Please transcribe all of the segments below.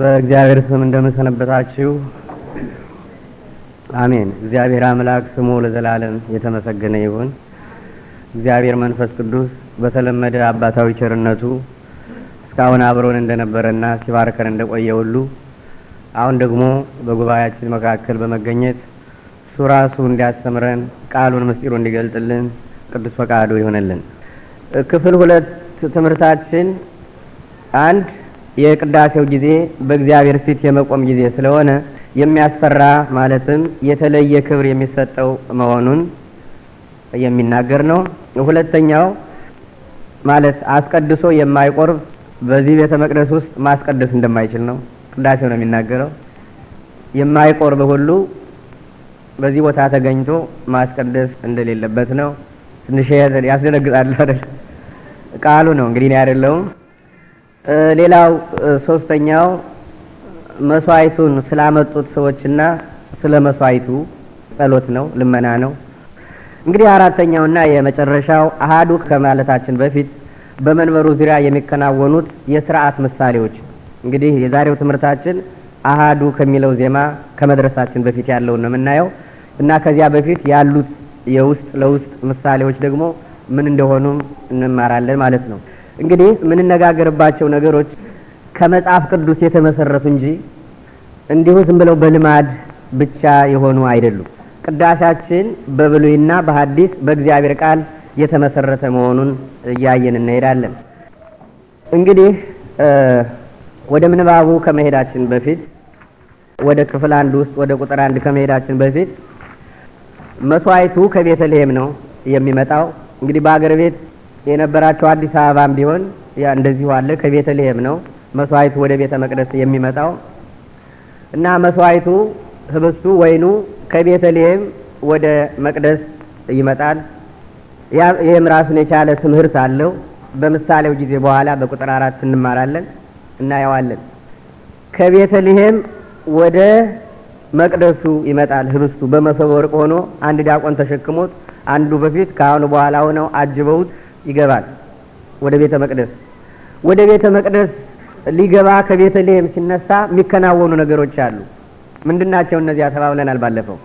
በእግዚአብሔር ስም እንደምንሰነበታችሁ አሜን። እግዚአብሔር አምላክ ስሙ ለዘላለም የተመሰገነ ይሁን። እግዚአብሔር መንፈስ ቅዱስ በተለመደ አባታዊ ቸርነቱ እስካሁን አብሮን እንደነበረና ሲባርከን እንደቆየ ሁሉ አሁን ደግሞ በጉባኤያችን መካከል በመገኘት እሱ ራሱ እንዲያስተምረን ቃሉን ምስጢሩ እንዲገልጥልን ቅዱስ ፈቃዱ ይሆነልን። ክፍል ሁለት ትምህርታችን አንድ የቅዳሴው ጊዜ በእግዚአብሔር ፊት የመቆም ጊዜ ስለሆነ የሚያስፈራ ማለትም የተለየ ክብር የሚሰጠው መሆኑን የሚናገር ነው። ሁለተኛው ማለት አስቀድሶ የማይቆርብ በዚህ ቤተ መቅደስ ውስጥ ማስቀደስ እንደማይችል ነው። ቅዳሴው ነው የሚናገረው። የማይቆርብ ሁሉ በዚህ ቦታ ተገኝቶ ማስቀደስ እንደሌለበት ነው። ትንሽ ያስደነግጣል አይደል? ቃሉ ነው እንግዲህ እኔ ሌላው ሶስተኛው መስዋዕቱን ስላመጡት ሰዎችና ስለ መስዋዕቱ ጸሎት ነው፣ ልመና ነው። እንግዲህ አራተኛውና የመጨረሻው አሃዱ ከማለታችን በፊት በመንበሩ ዙሪያ የሚከናወኑት የስርዓት ምሳሌዎች እንግዲህ የዛሬው ትምህርታችን አሃዱ ከሚለው ዜማ ከመድረሳችን በፊት ያለውን ነው የምናየው እና ከዚያ በፊት ያሉት የውስጥ ለውስጥ ምሳሌዎች ደግሞ ምን እንደሆኑም እንማራለን ማለት ነው። እንግዲህ የምንነጋገርባቸው ነገሮች ከመጽሐፍ ቅዱስ የተመሰረቱ እንጂ እንዲሁ ዝም ብለው በልማድ ብቻ የሆኑ አይደሉም። ቅዳሴያችን በብሉይና በሐዲስ በእግዚአብሔር ቃል የተመሰረተ መሆኑን እያየን እንሄዳለን። እንግዲህ ወደ ምንባቡ ከመሄዳችን በፊት ወደ ክፍል አንድ ውስጥ ወደ ቁጥር አንድ ከመሄዳችን በፊት መስዋዕቱ ከቤተልሔም ነው የሚመጣው። እንግዲህ በአገር ቤት የነበራቸው አዲስ አበባም ቢሆን ያ እንደዚሁ አለ። ከቤተልሔም ነው መስዋዕቱ ወደ ቤተ መቅደስ የሚመጣው እና መስዋዕቱ፣ ህብስቱ፣ ወይኑ ከቤተልሔም ወደ መቅደስ ይመጣል። ይህም ራሱን የቻለ ትምህርት አለው። በምሳሌው ጊዜ በኋላ በቁጥር አራት እንማራለን እናየዋለን። ከቤተልሔም ወደ መቅደሱ ይመጣል ህብስቱ በመሶበ ወርቅ ሆኖ አንድ ዲያቆን ተሸክሞት አንዱ በፊት ከአሁኑ በኋላ ሆነው አጅበውት ይገባል ወደ ቤተ መቅደስ። ወደ ቤተ መቅደስ ሊገባ ከቤተልሔም ሲነሳ የሚከናወኑ ነገሮች አሉ። ምንድናቸው እነዚያ? ተባብለናል ባለፈው።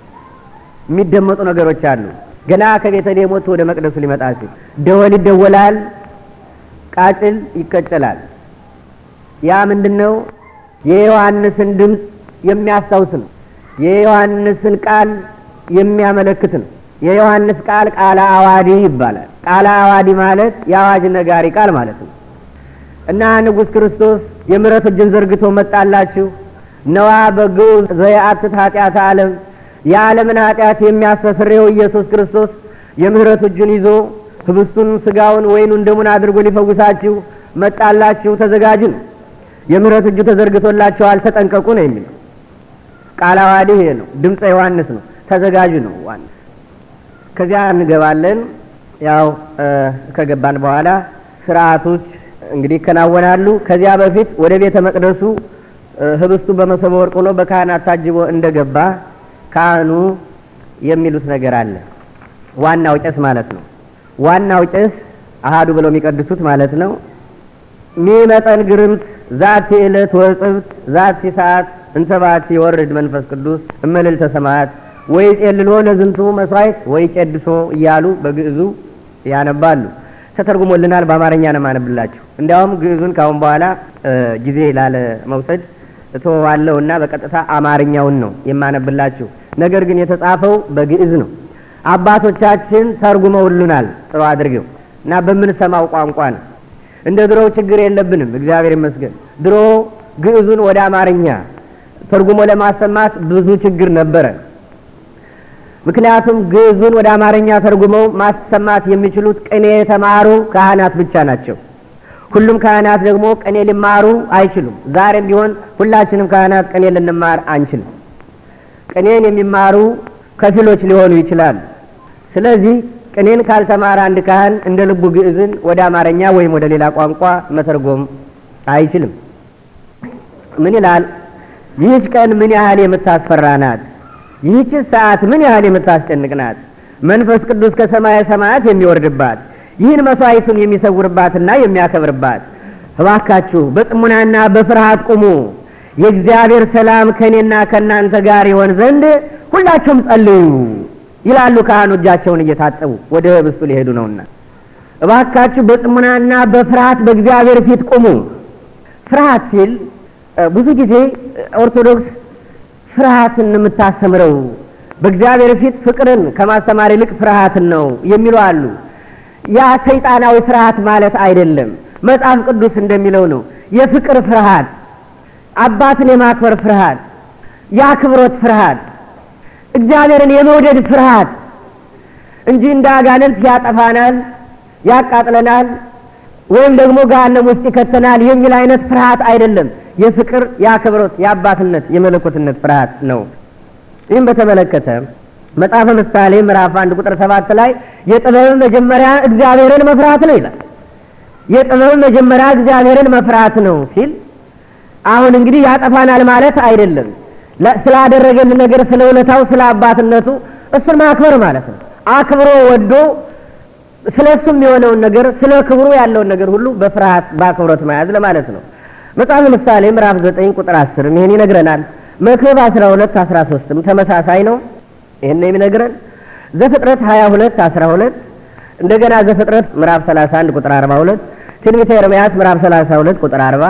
የሚደመጡ ነገሮች አሉ። ገና ከቤተልሔም ወጥቶ ወደ መቅደሱ ሊመጣ ሲል ደወል ይደወላል፣ ቃጭል ይቀጨላል። ያ ምንድን ነው? የዮሐንስን ድምፅ የሚያስታውስ ነው። የዮሐንስን ቃል የሚያመለክት ነው። የዮሐንስ ቃል ቃለ አዋዲ ይባላል። ቃለ አዋዲ ማለት የአዋጅ ነጋሪ ቃል ማለት ነው እና ንጉሥ ክርስቶስ የምሕረት እጅን ዘርግቶ መጣላችሁ ነዋ በግዑ ዘየአትት ኃጢአት ዓለም የዓለምን ኃጢአት የሚያስተሰርየው ኢየሱስ ክርስቶስ የምሕረት እጁን ይዞ ህብስቱን ስጋውን ወይኑን ደሙን አድርጎ ሊፈውሳችሁ መጣላችሁ፣ ተዘጋጁ ነው። የምሕረት እጁ ተዘርግቶላችኋል፣ ተጠንቀቁ ነው የሚለው ቃለ አዋዲ ይሄ ነው። ድምፀ ዮሐንስ ነው። ተዘጋጁ ነው ዋና ከዚያ እንገባለን። ያው ከገባን በኋላ ስርዓቶች እንግዲህ ይከናወናሉ። ከዚያ በፊት ወደ ቤተ መቅደሱ ህብስቱ በመሰበ ወርቅ ሆኖ በካህናት ታጅቦ እንደገባ ካህኑ የሚሉት ነገር አለ። ዋናው ጨስ ማለት ነው። ዋናው ጨስ አሃዱ ብለው የሚቀድሱት ማለት ነው። ሚመጠን ግርምት ዛቲ ዕለት ወጽብት ዛቲ ሰዓት እንተባት ይወርድ መንፈስ ቅዱስ እምልዕልተ ሰማያት ወይ ጼልሎ ለዝንቱ መስዋዕት ወይ ጨድሶ እያሉ በግዕዙ ያነባሉ። ተተርጉሞልናል። በአማርኛ ነው ማነብላችሁ። እንዲያውም ግዕዙን ካሁን በኋላ ጊዜ ላለ መውሰድ እተወዋለሁ በቀጥታ አማርኛውን ነው የማነብላችሁ። ነገር ግን የተጻፈው በግዕዝ ነው። አባቶቻችን ተርጉመውልናል ጥሩ አድርገው እና በምንሰማው ቋንቋ ነው። እንደ ድሮው ችግር የለብንም፣ እግዚአብሔር ይመስገን። ድሮ ግዕዙን ወደ አማርኛ ተርጉሞ ለማሰማት ብዙ ችግር ነበረ። ምክንያቱም ግዕዙን ወደ አማርኛ ተርጉመው ማሰማት የሚችሉት ቅኔ የተማሩ ካህናት ብቻ ናቸው። ሁሉም ካህናት ደግሞ ቅኔ ሊማሩ አይችሉም። ዛሬም ቢሆን ሁላችንም ካህናት ቅኔ ልንማር አንችልም። ቅኔን የሚማሩ ከፊሎች ሊሆኑ ይችላሉ። ስለዚህ ቅኔን ካልተማረ አንድ ካህን እንደ ልቡ ግዕዝን ወደ አማርኛ ወይም ወደ ሌላ ቋንቋ መተርጎም አይችልም። ምን ይላል? ይህች ቀን ምን ያህል የምታስፈራ ናት ይህች ሰዓት ምን ያህል የምታስጨንቅ ናት! መንፈስ ቅዱስ ከሰማየ ሰማያት የሚወርድባት ይህን መስዋዕቱን የሚሰውርባትና የሚያከብርባት። እባካችሁ በጥሙናና በፍርሃት ቁሙ። የእግዚአብሔር ሰላም ከእኔና ከእናንተ ጋር ይሆን ዘንድ ሁላችሁም ጸልዩ ይላሉ ካህኑ እጃቸውን እየታጠቡ ወደ ህብስቱ ሊሄዱ ነውና። እባካችሁ በጥሙናና በፍርሃት በእግዚአብሔር ፊት ቁሙ። ፍርሃት ሲል ብዙ ጊዜ ኦርቶዶክስ ፍርሃትን የምታስተምረው በእግዚአብሔር ፊት ፍቅርን ከማስተማር ይልቅ ፍርሃትን ነው የሚሉ አሉ። ያ ሰይጣናዊ ፍርሃት ማለት አይደለም፣ መጽሐፍ ቅዱስ እንደሚለው ነው። የፍቅር ፍርሃት፣ አባትን የማክበር ፍርሃት፣ የአክብሮት ፍርሃት፣ እግዚአብሔርን የመውደድ ፍርሃት እንጂ እንደ አጋንንት ያጠፋናል፣ ያቃጥለናል፣ ወይም ደግሞ ገሃነም ውስጥ ይከተናል የሚል አይነት ፍርሃት አይደለም። የፍቅር የአክብሮት የአባትነት የመለኮትነት ፍርሃት ነው። ይህም በተመለከተ መጽሐፈ ምሳሌ ምዕራፍ አንድ ቁጥር ሰባት ላይ የጥበብ መጀመሪያ እግዚአብሔርን መፍራት ነው ይላል። የጥበብ መጀመሪያ እግዚአብሔርን መፍራት ነው ሲል አሁን እንግዲህ ያጠፋናል ማለት አይደለም። ስላደረገልን ነገር፣ ስለ እውነታው፣ ስለ አባትነቱ እሱን ማክበር ማለት ነው። አክብሮ ወዶ ስለ እሱም የሆነውን ነገር ስለ ክብሩ ያለውን ነገር ሁሉ በፍርሃት በአክብሮት መያዝ ለማለት ነው። መጽሐፍ ምሳሌ ምዕራፍ ዘጠኝ ቁጥር አስርም ይህን ይነግረናል። መክብብ አስራ ሁለት አስራ ሶስትም ተመሳሳይ ነው። ይህን የሚነግረን ዘፍጥረት ሀያ ሁለት አስራ ሁለት እንደገና ዘፍጥረት ምዕራፍ ሰላሳ አንድ ቁጥር አርባ ሁለት ትንቢተ ኤርምያስ ምዕራፍ ሰላሳ ሁለት ቁጥር አርባ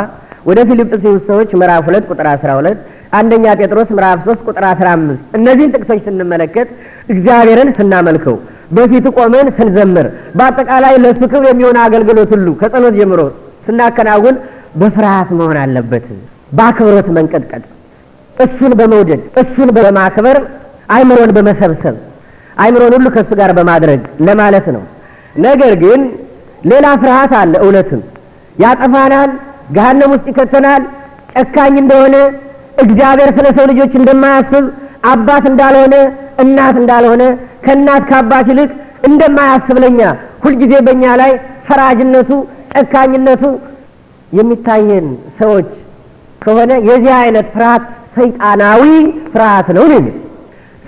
ወደ ፊልጵስዩስ ሰዎች ምዕራፍ ሁለት ቁጥር አስራ ሁለት አንደኛ ጴጥሮስ ምዕራፍ ሶስት ቁጥር አስራ አምስት እነዚህን ጥቅሶች ስንመለከት እግዚአብሔርን ስናመልከው በፊት ቆመን ስንዘምር በአጠቃላይ ለሱ ክብር የሚሆን አገልግሎት ሁሉ ከጸሎት ጀምሮ ስናከናውን በፍርሃት መሆን አለበት። በአክብሮት መንቀጥቀጥ፣ እሱን በመውደድ እሱን በማክበር አይምሮን በመሰብሰብ አይምሮን ሁሉ ከእሱ ጋር በማድረግ ለማለት ነው። ነገር ግን ሌላ ፍርሃት አለ። እውነትም ያጠፋናል፣ ገሃነም ውስጥ ይከተናል፣ ጨካኝ እንደሆነ እግዚአብሔር ስለ ሰው ልጆች እንደማያስብ አባት እንዳልሆነ እናት እንዳልሆነ ከእናት ከአባት ይልቅ እንደማያስብ ለኛ ሁልጊዜ በእኛ ላይ ፈራጅነቱ ጨካኝነቱ የሚታየን ሰዎች ከሆነ የዚህ አይነት ፍርሃት ሰይጣናዊ ፍርሃት ነው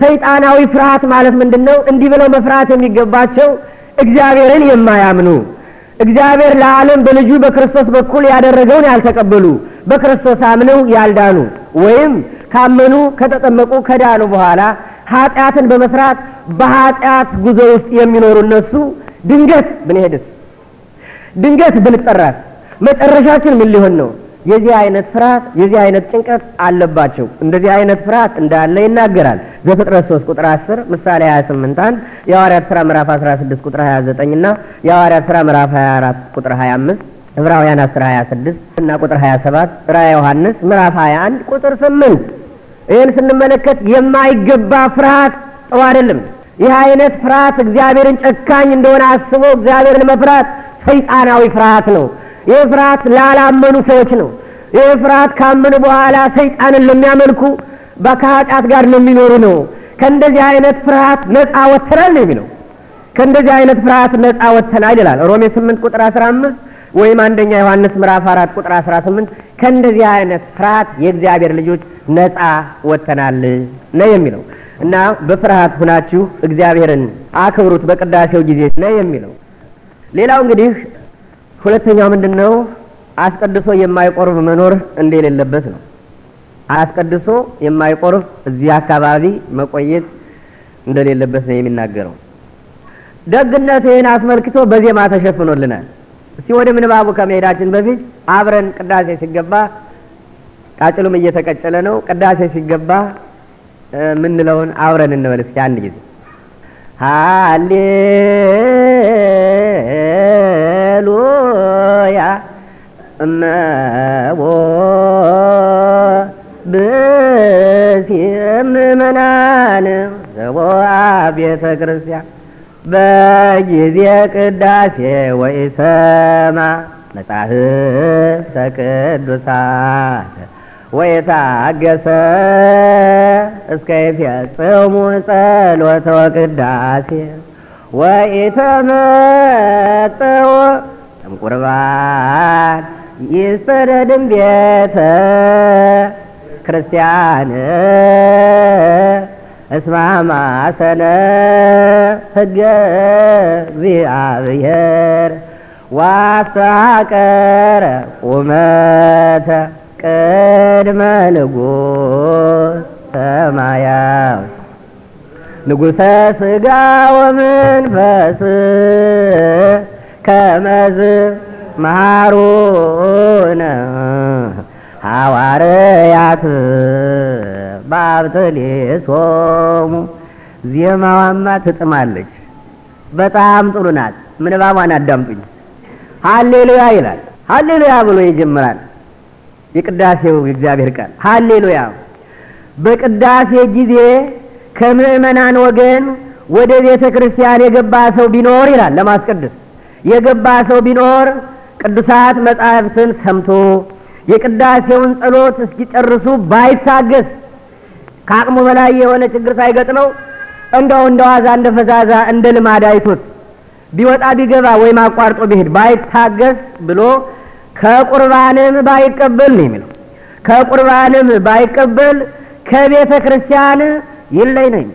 ሰይጣናዊ ፍርሃት ማለት ምንድን ነው? እንዲህ ብለው መፍራት የሚገባቸው እግዚአብሔርን የማያምኑ እግዚአብሔር ለዓለም በልጁ በክርስቶስ በኩል ያደረገውን ያልተቀበሉ በክርስቶስ አምነው ያልዳኑ ወይም ካመኑ ከተጠመቁ ከዳኑ በኋላ ኃጢአትን በመስራት በኃጢአት ጉዞ ውስጥ የሚኖሩ እነሱ ድንገት ብንሄድስ፣ ድንገት ብንጠራስ መጨረሻችን ምን ሊሆን ነው? የዚህ አይነት ፍርሃት የዚህ አይነት ጭንቀት አለባቸው። እንደዚህ አይነት ፍርሃት እንዳለ ይናገራል ዘፍጥረት 3 ቁጥር 10፣ ምሳሌ 28 አንድ የሐዋርያት ሥራ ምዕራፍ 16 ቁጥር 29 እና የሐዋርያት ሥራ ምዕራፍ 24 ቁጥር 25፣ ዕብራውያን 10 26 እና ቁጥር 27፣ ራዕየ ዮሐንስ ምዕራፍ 21 ቁጥር 8። ይህን ስንመለከት የማይገባ ፍርሃት ጥሩ አይደለም። ይህ አይነት ፍርሃት እግዚአብሔርን ጨካኝ እንደሆነ አስቦ እግዚአብሔርን መፍራት ሰይጣናዊ ፍርሃት ነው። ይህ ፍርሃት ላላመኑ ሰዎች ነው። ይህ ፍርሃት ካመኑ በኋላ ሰይጣንን ለሚያመልኩ በከኃጢአት ጋር የሚኖሩ ነው። ከእንደዚህ አይነት ፍርሃት ነፃ ወጥተናል ነው የሚለው። ከእንደዚህ አይነት ፍርሃት ነፃ ወጥተናል ይላል ሮሜ 8 ቁጥር 15 ወይም አንደኛ ዮሐንስ ምዕራፍ 4 ቁጥር 18 ከእንደዚህ አይነት ፍርሃት የእግዚአብሔር ልጆች ነፃ ወጥተናል ነው የሚለው እና በፍርሃት ሁናችሁ እግዚአብሔርን አክብሩት በቅዳሴው ጊዜ ነው የሚለው። ሌላው እንግዲህ ሁለተኛው ምንድን ነው? አስቀድሶ የማይቆርብ መኖር እንደሌለበት ነው። አስቀድሶ የማይቆርብ እዚህ አካባቢ መቆየት እንደሌለበት ነው የሚናገረው። ደግነትህን አስመልክቶ በዜማ ተሸፍኖልናል። እስቲ ወደ ምንባቡ ከመሄዳችን በፊት አብረን ቅዳሴ ሲገባ ቃጭሉም እየተቀጨለ ነው። ቅዳሴ ሲገባ ምንለውን አብረን እንበል እስኪ አንድ ጊዜ ሃሌ ሃሌሉያ እመቦ ብእሲእም ምእመናን ቤተ ክርስቲያን በጊዜ ቅዳሴ ወኢሰማ መጻሕፍተ ቅዱሳት ወይታገሰ እስከ ይፈጽሙ ጸሎተ ወቅዳሴ ወኢተመጠው እምቁርባን ይሰደድም ቤተ ክርስቲያን እስማማሰነ ህገ እግዚአብሔር ዋሳቀረ ቁመተ ቅድመ ንጉሥ ሰማያዊ ንጉሰ ስጋ ወመንፈስ ከመዝ መሃሩነ ሐዋርያት ባብትሌሶሙ ዜማዋማ ትጥማለች። በጣም ጥሩ ናት። ምንባቧን አዳምጡኝ። ሀሌሉያ ይላል። ሀሌሉያ ብሎ ይጀምራል የቅዳሴው የእግዚአብሔር ቃል ሀሌሉያ በቅዳሴ ጊዜ ከምእመናን ወገን ወደ ቤተ ክርስቲያን የገባ ሰው ቢኖር ይላል ለማስቀደስ የገባ ሰው ቢኖር ቅዱሳት መጻሕፍትን ሰምቶ የቅዳሴውን ጸሎት እስኪጨርሱ ባይታገስ ከአቅሙ በላይ የሆነ ችግር ሳይገጥመው እንደው እንደ ዋዛ እንደ ፈዛዛ እንደ ልማድ አይቶት ቢወጣ ቢገባ ወይም አቋርጦ ቢሄድ ባይታገስ ብሎ ከቁርባንም ባይቀበል ነው የሚለው። ከቁርባንም ባይቀበል ከቤተ ክርስቲያን ይለይ ነኝ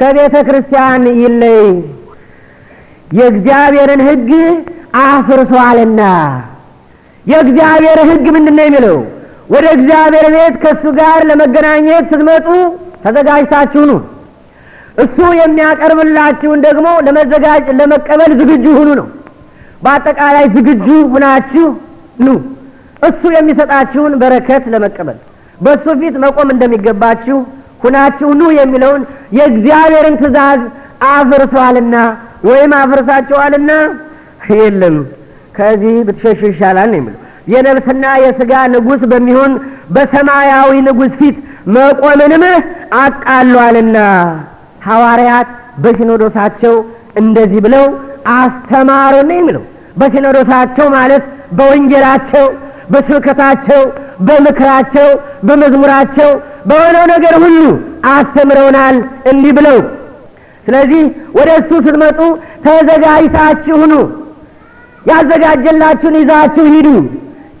ከቤተ ክርስቲያን ይለይ የእግዚአብሔርን ሕግ አፍርሷልና። የእግዚአብሔር ሕግ ምንድን ነው የሚለው? ወደ እግዚአብሔር ቤት ከእሱ ጋር ለመገናኘት ስትመጡ ተዘጋጅታችሁ ኑ። እሱ የሚያቀርብላችሁን ደግሞ ለመዘጋጅ ለመቀበል ዝግጁ ሁኑ ነው። በአጠቃላይ ዝግጁ ሁናችሁ ኑ፣ እሱ የሚሰጣችሁን በረከት ለመቀበል በእሱ ፊት መቆም እንደሚገባችሁ ሁናችሁ ኑ የሚለውን የእግዚአብሔርን ትእዛዝ አፍርሷልና ወይም አፍርሳችኋልና የለም ከዚህ ብትሸሽ ይሻላል ነው የሚለው። የነብስና የስጋ ንጉሥ በሚሆን በሰማያዊ ንጉሥ ፊት መቆምንም አቃሏልና ሐዋርያት በሲኖዶሳቸው እንደዚህ ብለው አስተማሩ የሚለው። በሲኖዶሳቸው ማለት በወንጌላቸው በስብከታቸው፣ በምክራቸው፣ በመዝሙራቸው በሆነው ነገር ሁሉ አስተምረውናል እንዲህ ብለው። ስለዚህ ወደ እሱ ስትመጡ ተዘጋጅታችሁ ኑ። ያዘጋጀላችሁን ይዛችሁ ሂዱ።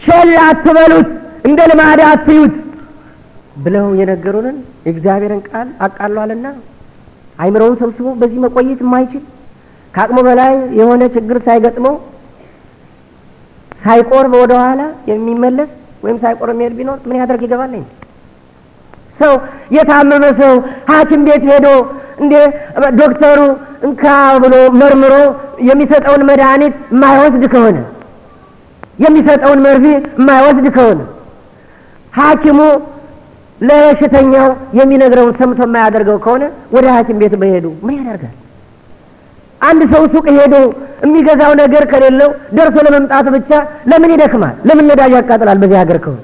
ቸል አትበሉት፣ እንደ ልማድ አትዩት ብለው የነገሩንን የእግዚአብሔርን ቃል አቃሏልና አይምረውን ሰብስቦ በዚህ መቆየት የማይችል ከአቅሙ በላይ የሆነ ችግር ሳይገጥመው ሳይቆርብ ወደ ኋላ የሚመለስ ወይም ሳይቆርብ የሚሄድ ቢኖር ምን ያደርግ ይገባለኝ። ሰው የታመመ ሰው ሀኪም ቤት ሄዶ እንዴ ዶክተሩ እንካ ብሎ መርምሮ የሚሰጠውን መድኃኒት የማይወስድ ከሆነ የሚሰጠውን መርፌ የማይወስድ ከሆነ ሀኪሙ ለበሽተኛው የሚነግረውን ሰምቶ የማያደርገው ከሆነ ወደ ሀኪም ቤት በሄዱ ምን ያደርጋል? አንድ ሰው ሱቅ ሄዶ የሚገዛው ነገር ከሌለው ደርሶ ለመምጣት ብቻ ለምን ይደክማል? ለምን ነዳጅ ያቃጥላል? በዚህ ሀገር ከሆነ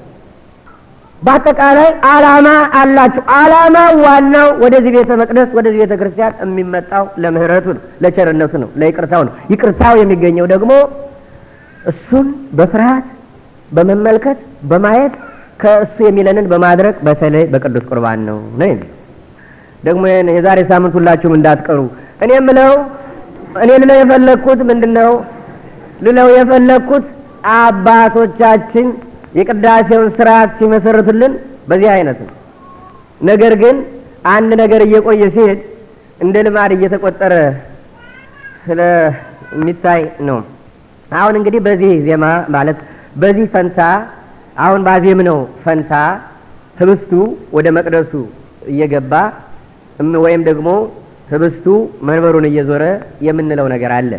በአጠቃላይ አላማ አላችሁ። አላማ ዋናው ወደዚህ ቤተ መቅደስ ወደዚህ ቤተ ክርስቲያን የሚመጣው ለምህረቱ ነው፣ ለቸርነቱ ነው፣ ለይቅርታው ነው። ይቅርታው የሚገኘው ደግሞ እሱን በፍርሃት በመመልከት በማየት ከእሱ የሚለንን በማድረግ በተለይ በቅዱስ ቁርባን ነው ነው ደግሞ የዛሬ ሳምንት ሁላችሁም እንዳትቀሩ እኔ የምለው እኔ ልለው የፈለግኩት ምንድን ነው? ልለው የፈለግኩት አባቶቻችን የቅዳሴውን ስርዓት ሲመሰርቱልን በዚህ አይነት ነው። ነገር ግን አንድ ነገር እየቆየ ሲሄድ እንደ ልማድ እየተቆጠረ ስለሚታይ ነው። አሁን እንግዲህ በዚህ ዜማ ማለት በዚህ ፈንታ አሁን ባዜም ነው ፈንታ ህብስቱ ወደ መቅደሱ እየገባ ወይም ደግሞ ህብስቱ መንበሩን እየዞረ የምንለው ነገር አለ።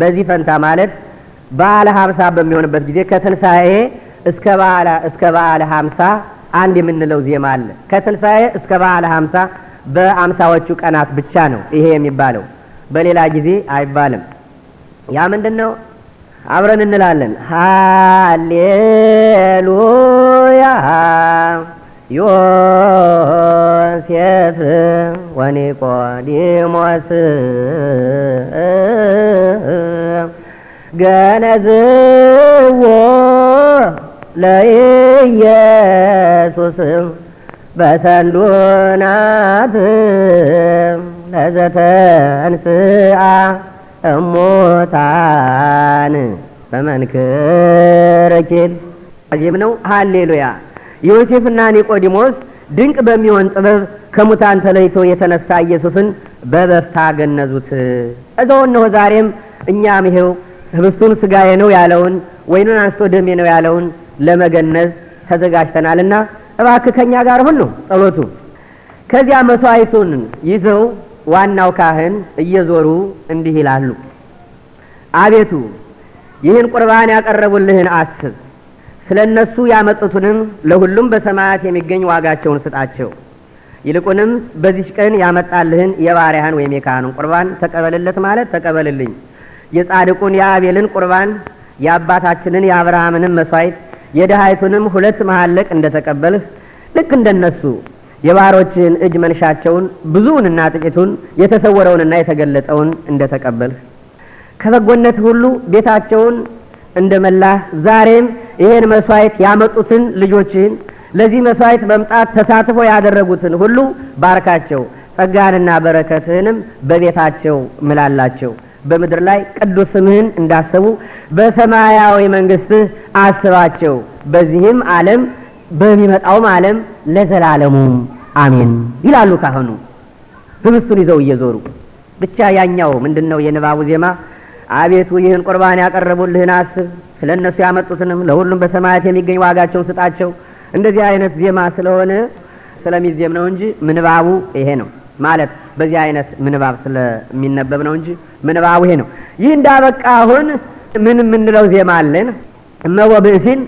በዚህ ፈንታ ማለት በዓለ ሀምሳ በሚሆንበት ጊዜ ከትንሣኤ እስከ በዓለ እስከ በዓለ ሀምሳ አንድ የምንለው ዜማ አለ። ከትንሣኤ እስከ በዓለ ሀምሳ በአምሳዎቹ ቀናት ብቻ ነው ይሄ የሚባለው፣ በሌላ ጊዜ አይባልም። ያ ምንድን ነው? አብረን እንላለን ሃሌሉያ ዮሴፍ ወኒቆዲሞስ ገነዝዎ ለኢየሱስ በሰሉናት ለዘተንስአ በመንክርኪል አዚም ነው። ሀሌሉያ ዮሴፍና ኒቆዲሞስ ድንቅ በሚሆን ጥበብ ከሙታን ተለይቶ የተነሳ ኢየሱስን በበፍታ ገነዙት። እዛው እነሆ ዛሬም እኛም ይሄው ህብስቱን ስጋዬ ነው ያለውን ወይኑን አንስቶ ደሜ ነው ያለውን ለመገነዝ ተዘጋጅተናልና እባክህ ከኛ ጋር ሁን ነው ጸሎቱ። ከዚያ መስዋዕቱን ይዘው ዋናው ካህን እየዞሩ እንዲህ ይላሉ፣ አቤቱ ይህን ቁርባን ያቀረቡልህን አስብ ስለ እነሱ ያመጡትንም ለሁሉም በሰማያት የሚገኝ ዋጋቸውን ስጣቸው። ይልቁንም በዚች ቀን ያመጣልህን የባሪያህን ወይም የካህኑን ቁርባን ተቀበልለት ማለት ተቀበልልኝ። የጻድቁን የአቤልን ቁርባን የአባታችንን የአብርሃምንም መስዋዕት የድሃይቱንም ሁለት እንደ እንደተቀበልህ ልክ እንደነሱ የባሮችን እጅ መንሻቸውን ብዙውንና ጥቂቱን የተሰወረውንና የተገለጠውን እንደተቀበልህ ከበጎነት ሁሉ ቤታቸውን እንደመላህ ዛሬም ይሄን መስዋዕት ያመጡትን ልጆችህን ለዚህ መስዋዕት መምጣት ተሳትፎ ያደረጉትን ሁሉ ባርካቸው፣ ጸጋንና በረከትህንም በቤታቸው ምላላቸው። በምድር ላይ ቅዱስ ስምህን እንዳሰቡ በሰማያዊ መንግስትህ አስባቸው። በዚህም ዓለም በሚመጣውም ዓለም ለዘላለሙም አሜን ይላሉ ካህኑ። ህብስቱን ይዘው እየዞሩ ብቻ ያኛው ምንድን ነው የንባቡ ዜማ አቤቱ ይህን ቁርባን ያቀረቡልህን አስብ፣ ስለ እነሱ ያመጡትንም ለሁሉም በሰማያት የሚገኝ ዋጋቸውን ስጣቸው። እንደዚህ አይነት ዜማ ስለሆነ ስለሚዜም ነው እንጂ ምንባቡ ይሄ ነው ማለት በዚህ አይነት ምንባብ ስለሚነበብ ነው እንጂ ምንባቡ ይሄ ነው። ይህ እንዳበቃ አሁን ምን የምንለው ዜማ አለን? እመቦ ብእሲን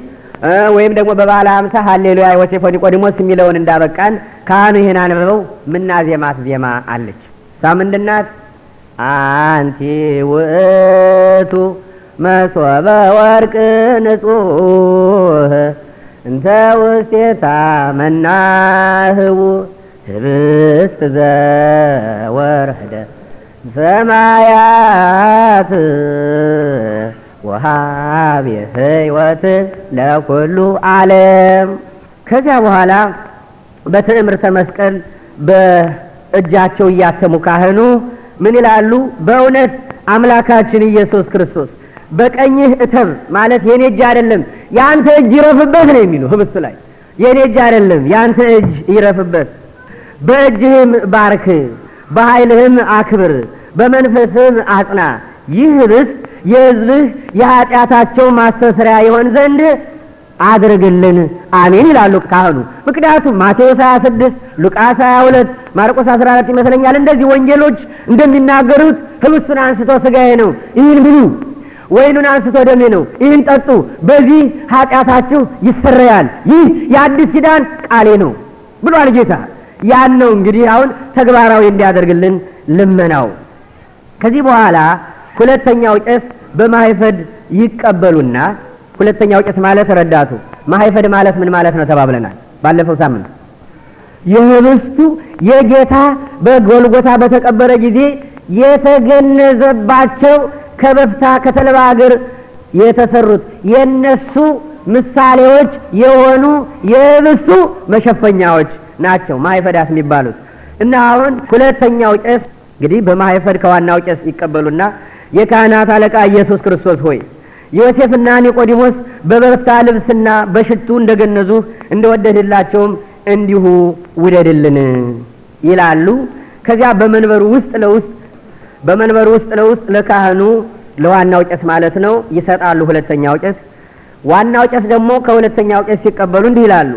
ወይም ደግሞ በባለ አምሳ ሀሌሉያ ዮሴፍ ኒቆዲሞስ የሚለውን እንዳበቃን ካህኑ ይህን አንብበው ምናዜማት ዜማ አለች ሳምንድናት አንቲ ውእቱ መሶበ ወርቅ ንጹህ እንተ ውስቴታ መናህቡ ህብስት ዘወርሕደ ሰማያት ወሃብ የህይወት ለኩሉ ዓለም። ከዚያ በኋላ በትዕምርተ መስቀል በእጃቸው እያተሙ ካህኑ ምን ይላሉ? በእውነት አምላካችን ኢየሱስ ክርስቶስ በቀኝህ እተብ ማለት የኔ እጅ አይደለም የአንተ እጅ ይረፍበት ነው የሚሉ ህብስት ላይ የኔ እጅ አይደለም የአንተ እጅ ይረፍበት፣ በእጅህም ባርክ፣ በኃይልህም አክብር፣ በመንፈስህም አጽና፣ ይህ ህብስት የህዝብህ የኃጢአታቸው ማስተስሪያ ይሆን ዘንድ አድርግልን አሜን ይላሉ ካህኑ። ምክንያቱም ማቴዎስ 26፣ ሉቃስ 22፣ ማርቆስ 14 ይመስለኛል እንደዚህ ወንጌሎች እንደሚናገሩት ህብስቱን አንስቶ ስጋዬ ነው ይህን ብሉ፣ ወይኑን አንስቶ ደሜ ነው ይህን ጠጡ፣ በዚህ ኃጢአታችሁ ይሰረያል፣ ይህ የአዲስ ኪዳን ቃሌ ነው ብሏል ጌታ። ያን ነው እንግዲህ አሁን ተግባራዊ እንዲያደርግልን ልመናው። ከዚህ በኋላ ሁለተኛው ቄስ በማይፈድ ይቀበሉና ሁለተኛው ቄስ ማለት ረዳቱ፣ ማህይፈድ ማለት ምን ማለት ነው ተባብለናል ባለፈው ሳምንት። የህብስቱ የጌታ በጎልጎታ በተቀበረ ጊዜ የተገነዘባቸው ከበፍታ ከተልባ እግር የተሰሩት የነሱ ምሳሌዎች የሆኑ የህብስቱ መሸፈኛዎች ናቸው ማህይፈዳት የሚባሉት እና አሁን ሁለተኛው ቄስ እንግዲህ በማህይፈድ ከዋናው ቄስ ይቀበሉና የካህናት አለቃ ኢየሱስ ክርስቶስ ሆይ ዮሴፍና ኒቆዲሞስ በበፍታ ልብስና በሽቱ እንደገነዙ እንደወደድላቸውም እንዲሁ ውደድልን ይላሉ። ከዚያ በመንበሩ ውስጥ ለውስጥ በመንበሩ ውስጥ ለውስጥ ለካህኑ ለዋናው ቄስ ማለት ነው ይሰጣሉ። ሁለተኛው ቄስ ዋናው ቄስ ደግሞ ከሁለተኛው ቄስ ሲቀበሉ እንዲህ ይላሉ።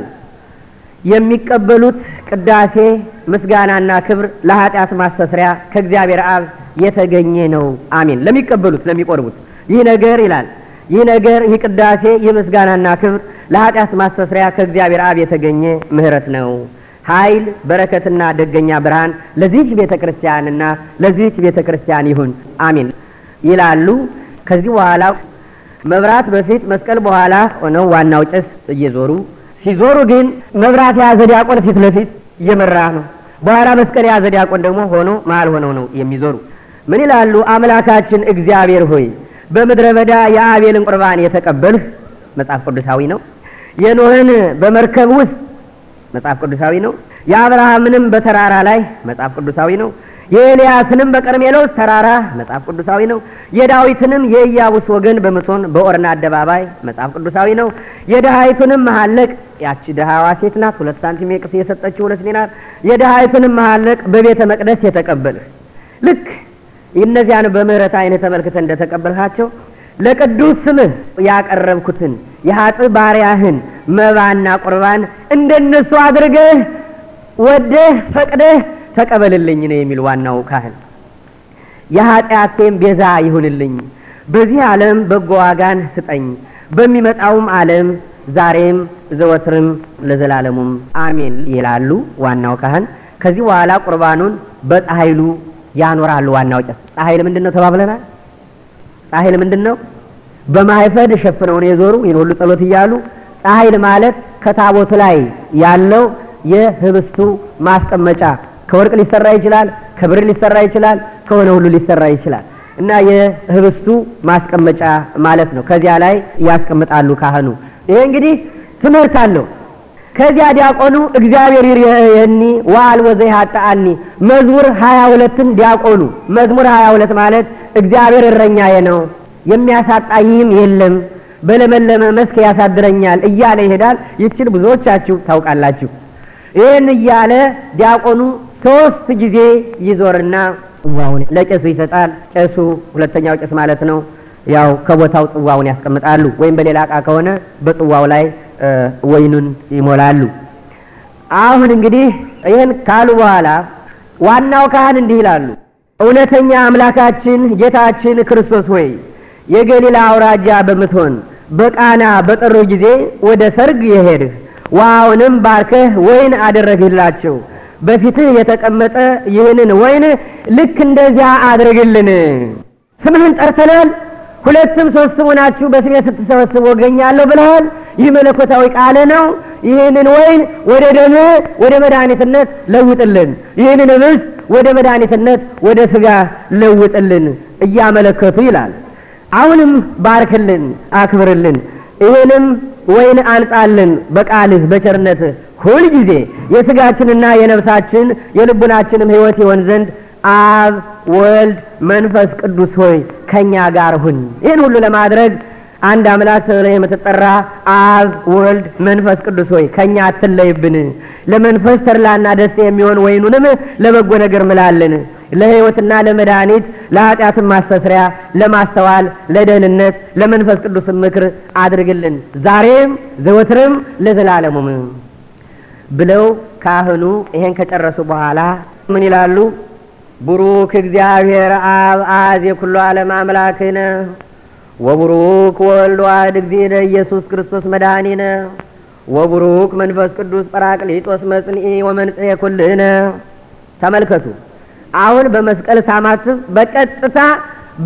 የሚቀበሉት ቅዳሴ ምስጋናና ክብር ለኃጢአት ማስተስሪያ ከእግዚአብሔር አብ የተገኘ ነው። አሜን። ለሚቀበሉት ለሚቆርቡት ይህ ነገር ይላል ይህ ነገር ይህ ቅዳሴ ይህ ምስጋናና ክብር ለኃጢአት ማስተስሪያ ከእግዚአብሔር አብ የተገኘ ምህረት ነው። ኃይል በረከትና ደገኛ ብርሃን ለዚህች ቤተ ክርስቲያንና ለዚህች ቤተ ክርስቲያን ይሁን አሚን ይላሉ። ከዚህ በኋላ መብራት በፊት መስቀል በኋላ ሆነው ዋናው ጭስ እየዞሩ ሲዞሩ ግን መብራት የያዘ ዲያቆን ፊት ለፊት እየመራ ነው። በኋላ መስቀል የያዘ ዲያቆን ደግሞ ሆኖ መሀል ሆነው ነው የሚዞሩ። ምን ይላሉ? አምላካችን እግዚአብሔር ሆይ በምድረ በዳ የአቤልን ቁርባን የተቀበልህ መጽሐፍ ቅዱሳዊ ነው። የኖህን በመርከብ ውስጥ መጽሐፍ ቅዱሳዊ ነው። የአብርሃምንም በተራራ ላይ መጽሐፍ ቅዱሳዊ ነው። የኤልያስንም በቀርሜሎስ ተራራ መጽሐፍ ቅዱሳዊ ነው። የዳዊትንም የኢያቡስ ወገን በመቶን በኦርና አደባባይ መጽሐፍ ቅዱሳዊ ነው። የድሃይቱንም መሀለቅ ያቺ ድሃዋ ሴት ናት፣ ሁለት ሳንቲም የቅስ የሰጠችው ሁለት ዲናር። የድሃይቱንም መሀለቅ በቤተ መቅደስ የተቀበልህ ልክ እነዚያን በምህረት አይነ ተመልክተ እንደተቀበልካቸው ለቅዱስ ስምህ ያቀረብኩትን የሀጥ ባሪያህን መባና ቁርባን እንደነሱ አድርገህ ወደህ ፈቅደህ ተቀበልልኝ ነው የሚል ዋናው ካህን። የኃጢአቴም ቤዛ ይሁንልኝ፣ በዚህ ዓለም በጎ ዋጋን ስጠኝ፣ በሚመጣውም ዓለም ዛሬም ዘወትርም ለዘላለሙም አሜን ይላሉ ዋናው ካህን። ከዚህ በኋላ ቁርባኑን በፀሐይሉ ያኖራሉ። ዋናው ጨፍ ፀሐይ ለምንድን ነው ተባብለናል። ፀሐይ ለምንድን ነው በማይፈድ ነው የዞሩ ይህን ሁሉ ጸሎት እያሉ ፀሐይል ማለት ከታቦት ላይ ያለው የህብስቱ ማስቀመጫ ከወርቅ ሊሰራ ይችላል፣ ከብር ሊሰራ ይችላል፣ ከሆነ ሁሉ ሊሰራ ይችላል እና የህብስቱ ማስቀመጫ ማለት ነው። ከዚያ ላይ ያስቀምጣሉ ካህኑ። ይሄ እንግዲህ ትምህርት አለው። ከዚያ ዲያቆኑ እግዚአብሔር ይርህኒ ወዘይ ዘይሃጣአኒ መዝሙር ሀያ ሁለትን ዲያቆኑ መዝሙር ሀያ ሁለት ማለት እግዚአብሔር እረኛዬ ነው የሚያሳጣኝም የለም በለመለመ መስክ ያሳድረኛል እያለ ይሄዳል። ይችል ብዙዎቻችሁ ታውቃላችሁ። ይህን እያለ ዲያቆኑ ሶስት ጊዜ ይዞርና ጽዋውን ለቄሱ ይሰጣል። ቄሱ ሁለተኛው ቄስ ማለት ነው። ያው ከቦታው ጽዋውን ያስቀምጣሉ፣ ወይም በሌላ እቃ ከሆነ በጽዋው ላይ ወይኑን ይሞላሉ። አሁን እንግዲህ ይህን ካሉ በኋላ ዋናው ካህን እንዲህ ይላሉ፣ እውነተኛ አምላካችን ጌታችን ክርስቶስ ሆይ የገሊላ አውራጃ በምትሆን በቃና በጠሩ ጊዜ ወደ ሰርግ የሄድህ ውሃውንም ባርከህ ወይን አደረግህላቸው። በፊትህ የተቀመጠ ይህንን ወይን ልክ እንደዚያ አድርግልን። ስምህን ጠርተናል ሁለትም ሶስትም ሆናችሁ በስሜ ስትሰበስቡ እገኛለሁ ብለሃል። ይህ መለኮታዊ ቃል ነው። ይህንን ወይን ወደ ደም ወደ መድኃኒትነት ለውጥልን፣ ይህንን ብስ ወደ መድኃኒትነት ወደ ስጋ ለውጥልን እያመለከቱ ይላል። አሁንም ባርክልን፣ አክብርልን፣ ይህንም ወይን አንጻልን በቃልህ በቸርነትህ ሁልጊዜ የስጋችንና የነፍሳችን የልቡናችንም ህይወት ይሆን ዘንድ አብ ወልድ መንፈስ ቅዱስ ሆይ ከእኛ ጋር ሁን። ይህን ሁሉ ለማድረግ አንድ አምላክ ተብለህ የምትጠራ አብ ወልድ መንፈስ ቅዱስ ሆይ ከእኛ አትለይብን። ለመንፈስ ተድላና ደስ የሚሆን ወይኑንም ለበጎ ነገር ምላልን። ለሕይወትና ለመድኃኒት ለኃጢአትን ማስተስሪያ ለማስተዋል ለደህንነት ለመንፈስ ቅዱስ ምክር አድርግልን ዛሬም ዘወትርም ለዘላለሙም ብለው ካህኑ ይሄን ከጨረሱ በኋላ ምን ይላሉ? ብሩክ እግዚአብሔር አብ አዝ የኩሉ ዓለም አምላክነ ወቡሩክ ወልድ ዋህድ እግዚእነ ኢየሱስ ክርስቶስ መድኃኒነ ወብሩክ መንፈስ ቅዱስ ጰራቅሊጦስ መጽንኢ ወመንጽሔ ኩልነ። ተመልከቱ፣ አሁን በመስቀል ሳማስብ በቀጥታ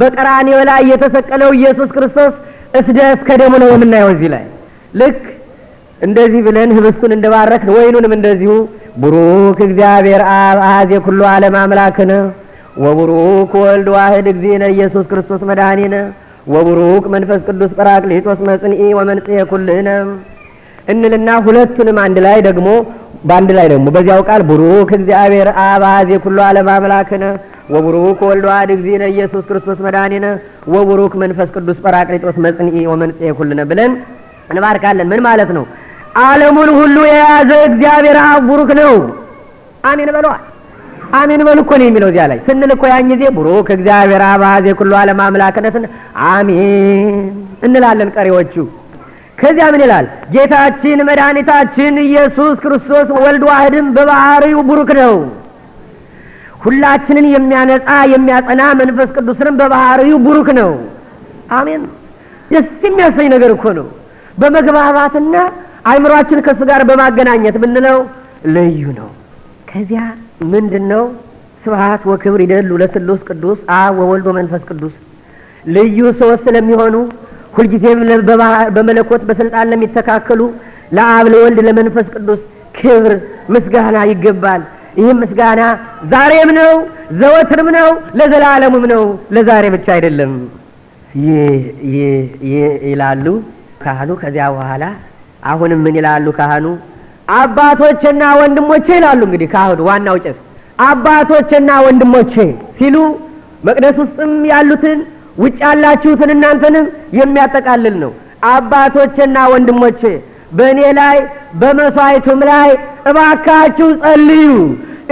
በቀራንዮ ላይ የተሰቀለው ኢየሱስ ክርስቶስ እስደ እስከ ደሙ ነው የምናየው እዚህ ላይ ልክ እንደዚህ ብለን ህብስቱን እንደባረክን ወይኑንም እንደዚሁ ቡሩክ እግዚአብሔር አብ አዜ ኩሉ ዓለም አምላክነ ወቡሩክ ወልድ ዋህድ እግዚእነ ኢየሱስ ክርስቶስ መድኃኒነ ወቡሩክ መንፈስ ቅዱስ ጰራቅሊጦስ መጽንኢ ወመንጽሔ ኩልነ እንልና ሁለቱንም አንድ ላይ ደግሞ በአንድ ላይ ደግሞ በዚያው ቃል ቡሩክ እግዚአብሔር አብ አዜ ኩሉ ዓለም አምላክነ ወቡሩክ ወልድ ዋህድ እግዚእነ ኢየሱስ ክርስቶስ መድኃኒነ ወቡሩክ መንፈስ ቅዱስ ጰራቅሊጦስ መጽንኢ ወመንጽሔ ኩልነ ብለን እንባርካለን። ምን ማለት ነው? ዓለሙን ሁሉ የያዘ እግዚአብሔር አብ ቡሩክ ነው። አሜን በለዋል። አሜን በሉ እኮ ነው የሚለው እዚያ ላይ ስንል እኮ ያን ጊዜ ቡሩክ እግዚአብሔር አብ ዘኩሉ ዓለም አምላክ ነስን አሜን እንላለን። ቀሪዎቹ ከዚያ ምን ይላል? ጌታችን መድኃኒታችን ኢየሱስ ክርስቶስ ወልድ ዋህድም በባህሪው ቡሩክ ነው። ሁላችንን የሚያነጻ የሚያጸና መንፈስ ቅዱስንም በባህሪው ቡሩክ ነው። አሜን። ደስ የሚያሰኝ ነገር እኮ ነው በመግባባትና አይምሯችን ከእሱ ጋር በማገናኘት ምንለው ልዩ ነው። ከዚያ ምንድን ነው ስብሐት ወክብር ይደሉ ለስሉስ ቅዱስ አብ ወወልድ ወመንፈስ ቅዱስ ልዩ ሰዎች ስለሚሆኑ ሁልጊዜም በመለኮት በስልጣን ለሚተካከሉ ለአብ ለወልድ ለመንፈስ ቅዱስ ክብር ምስጋና ይገባል። ይህም ምስጋና ዛሬም ነው፣ ዘወትርም ነው፣ ለዘላለሙም ነው። ለዛሬ ብቻ አይደለም ይላሉ ካህኑ። ከዚያ በኋላ አሁንም ምን ይላሉ ካህኑ? አባቶችና ወንድሞቼ ይላሉ። እንግዲህ ካህኑ ዋናው ጭስ አባቶችና ወንድሞቼ ሲሉ መቅደስ ውስጥም ያሉትን ውጭ ያላችሁትን እናንተንም የሚያጠቃልል ነው። አባቶችና ወንድሞቼ በእኔ ላይ በመሥዋዕቱም ላይ እባካችሁ ጸልዩ።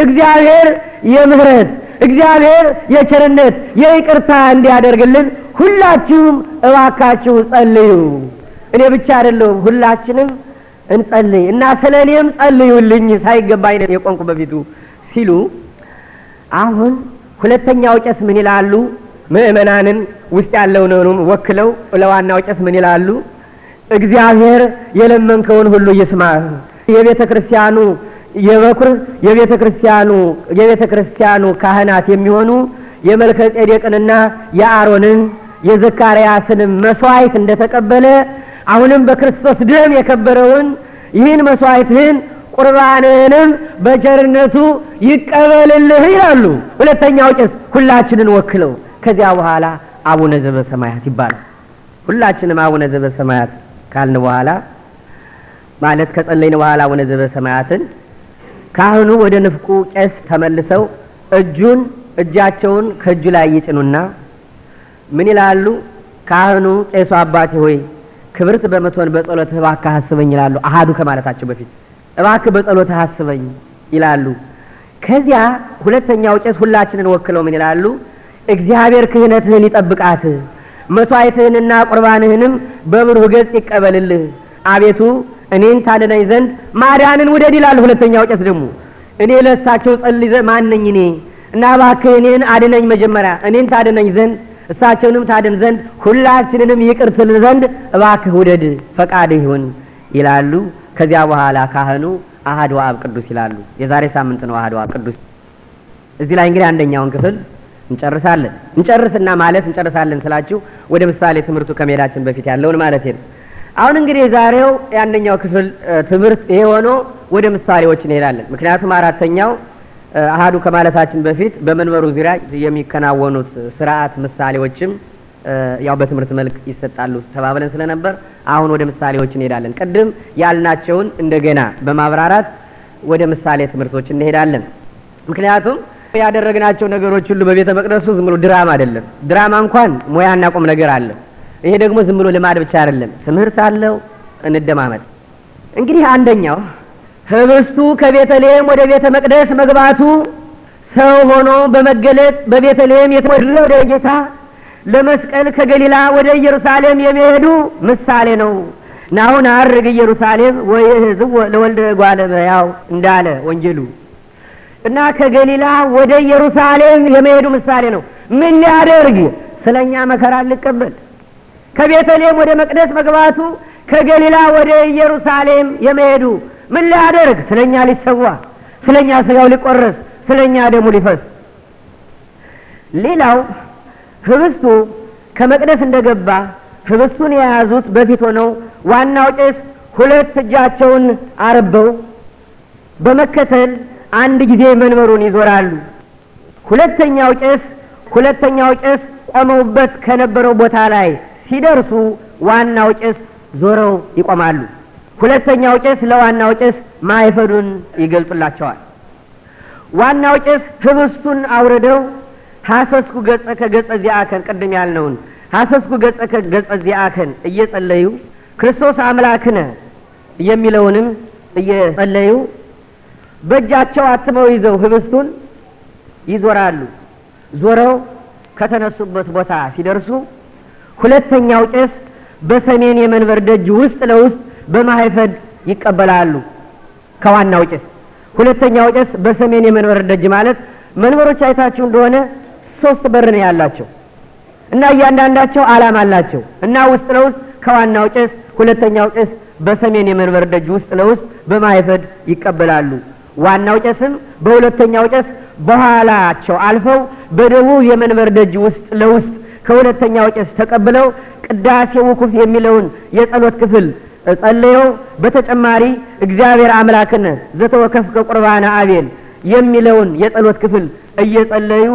እግዚአብሔር የምህረት እግዚአብሔር የቸርነት የይቅርታ እንዲያደርግልን ሁላችሁም እባካችሁ ጸልዩ። እኔ ብቻ አይደለሁም፣ ሁላችንም እንጸልይ እና ስለ እኔም ጸልዩልኝ ሳይገባኝ የቆንቁ በፊቱ ሲሉ፣ አሁን ሁለተኛው ቄስ ምን ይላሉ? ምእመናንን ውስጥ ያለው ያለውን ወክለው ለዋናው ቄስ ምን ይላሉ? እግዚአብሔር የለመንከውን ሁሉ ይስማ። የቤተ ክርስቲያኑ የበኩር የቤተ ክርስቲያኑ የቤተ ክርስቲያኑ ካህናት የሚሆኑ የመልከጼዴቅንና የአሮንን የዘካርያስንም መስዋዕት እንደተቀበለ አሁንም በክርስቶስ ደም የከበረውን ይህን መስዋዕትህን ቁርባንህንም በቸርነቱ ይቀበልልህ ይላሉ። ሁለተኛው ቄስ ሁላችንን ወክለው ከዚያ በኋላ አቡነ ሰማያት ይባላል። ሁላችንም አቡነ ሰማያት ካልን በኋላ ማለት ከጸለይን በኋላ አቡነ ሰማያትን ካህኑ ወደ ንፍቁ ቄስ ተመልሰው እጁን እጃቸውን ከእጁ ላይ ይጭኑና ምን ይላሉ? ካህኑ ቄሱ አባቴ ሆይ ክብርት በመቶን በጸሎት እባክህ አስበኝ ይላሉ። አሃዱ ከማለታቸው በፊት እባክህ በጸሎት አስበኝ ይላሉ። ከዚያ ሁለተኛው ቄስ ሁላችንን ወክለው ምን ይላሉ? እግዚአብሔር ክህነትህን ይጠብቃት፣ መስዋዕትህንና ቁርባንህንም በብሩህ ገጽ ይቀበልልህ። አቤቱ እኔን ታድነኝ ዘንድ ማዳንን ውደድ ይላሉ። ሁለተኛው ቄስ ደግሞ እኔ ለሳቸው ጸልይ ማነኝ እኔ እና እባክህ እኔን አድነኝ መጀመሪያ እኔን ታድነኝ ዘንድ እሳቸውንም ታድን ዘንድ ሁላችንንም ይቅር ትል ዘንድ እባክህ ውደድ ፈቃድ ይሁን ይላሉ። ከዚያ በኋላ ካህኑ አሐዱ አብ ቅዱስ ይላሉ። የዛሬ ሳምንት ነው አሐዱ አብ ቅዱስ። እዚህ ላይ እንግዲህ አንደኛውን ክፍል እንጨርሳለን። እንጨርስና ማለት እንጨርሳለን ስላችሁ ወደ ምሳሌ ትምህርቱ ከመሄዳችን በፊት ያለውን ማለት ነው። አሁን እንግዲህ የዛሬው የአንደኛው ክፍል ትምህርት ይሄ ሆኖ ወደ ምሳሌዎች እንሄዳለን። ምክንያቱም አራተኛው አህዱ ከማለታችን በፊት በመንበሩ ዙሪያ የሚከናወኑት ስርዓት ምሳሌዎችም ያው በትምህርት መልክ ይሰጣሉ ተባብለን ስለነበር አሁን ወደ ምሳሌዎች እንሄዳለን። ቅድም ያልናቸውን እንደገና በማብራራት ወደ ምሳሌ ትምህርቶች እንሄዳለን። ምክንያቱም ያደረግናቸው ነገሮች ሁሉ በቤተ መቅደሱ ዝም ብሎ ድራማ አይደለም። ድራማ እንኳን ሙያና ቁም ነገር አለ። ይሄ ደግሞ ዝም ብሎ ልማድ ብቻ አይደለም፣ ትምህርት አለው። እንደማመጥ እንግዲህ አንደኛው ህብስቱ ከቤተልሔም ወደ ቤተ መቅደስ መግባቱ ሰው ሆኖ በመገለጥ በቤተልሔም የተወለደ ወደ ጌታ ለመስቀል ከገሊላ ወደ ኢየሩሳሌም የሚሄዱ ምሳሌ ነው። ናሁን አርግ ኢየሩሳሌም ወይ ህዝብ ለወልደ እጓለ እመሕያው እንዳለ ወንጀሉ እና ከገሊላ ወደ ኢየሩሳሌም የመሄዱ ምሳሌ ነው። ምን ሊያደርግ እኛ መከራ ልቀበል ከቤተልሔም ወደ መቅደስ መግባቱ ከገሊላ ወደ ኢየሩሳሌም የመሄዱ ምን ሊያደርግ? ስለኛ ሊሰዋ፣ ስለኛ ስጋው ሊቆረስ፣ ስለኛ ደሙ ሊፈስ። ሌላው ህብስቱ ከመቅደስ እንደገባ ህብስቱን የያዙት በፊት ሆነው ዋናው ቄስ ሁለት እጃቸውን አርበው በመከተል አንድ ጊዜ መንበሩን ይዞራሉ። ሁለተኛው ቄስ ሁለተኛው ቄስ ቆመውበት ከነበረው ቦታ ላይ ሲደርሱ ዋናው ቄስ ዞረው ይቆማሉ። ሁለተኛው ጭስ ለዋናው ጭስ ማይፈዱን ይገልጹላቸዋል። ዋናው ጭስ ህብስቱን አውርደው ሀሰስኩ ገጸ ከገጸ ዚአከን ቅድም ያልነውን ሀሰስኩ ገጸ ከገጸ ዚአከን እየጸለዩ ክርስቶስ አምላክነ የሚለውንም እየጸለዩ በእጃቸው አትመው ይዘው ህብስቱን ይዞራሉ። ዞረው ከተነሱበት ቦታ ሲደርሱ ሁለተኛው ጭስ በሰሜን የመንበር ደጅ ውስጥ ለውስጥ በማህይፈድ ይቀበላሉ ከዋናው ጭስ። ሁለተኛው ጭስ በሰሜን የመንበር ደጅ ማለት መንበሮች አይታችሁ እንደሆነ ሶስት በር ነው ያላቸው እና እያንዳንዳቸው አላማ አላቸው እና ውስጥ ለውስጥ ከዋናው ጭስ ሁለተኛው ጭስ በሰሜን የመንበር ደጅ ውስጥ ለውስጥ በማይፈድ ይቀበላሉ። ዋናው ጭስም በሁለተኛው ጭስ በኋላቸው አልፈው በደቡብ የመንበር ደጅ ውስጥ ለውስጥ ከሁለተኛው ጭስ ተቀብለው ቅዳሴ ውኩፍ የሚለውን የጸሎት ክፍል ጸልየው በተጨማሪ እግዚአብሔር አምላክን ዘተወከፍከ ቁርባነ አቤል የሚለውን የጸሎት ክፍል እየጸለዩ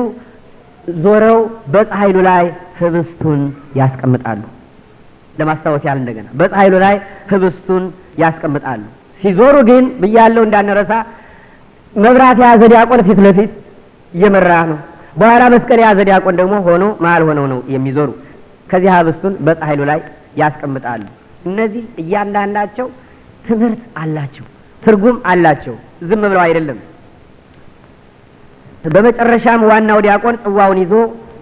ዞረው በፀሐይሉ ላይ ህብስቱን ያስቀምጣሉ። ለማስታወስ ያህል እንደገና በፀሐይሉ ላይ ህብስቱን ያስቀምጣሉ። ሲዞሩ ግን ብያለው እንዳንረሳ መብራት የያዘ ዲያቆን ፊት ለፊት እየመራ ነው። በኋላ መስቀል የያዘ ዲያቆን ደግሞ ሆኖ መሀል ሆነው ነው የሚዞሩ። ከዚህ ህብስቱን በፀሐይሉ ላይ ያስቀምጣሉ። እነዚህ እያንዳንዳቸው ትምህርት አላቸው፣ ትርጉም አላቸው። ዝም ብለው አይደለም። በመጨረሻም ዋናው ዲያቆን ጽዋውን ይዞ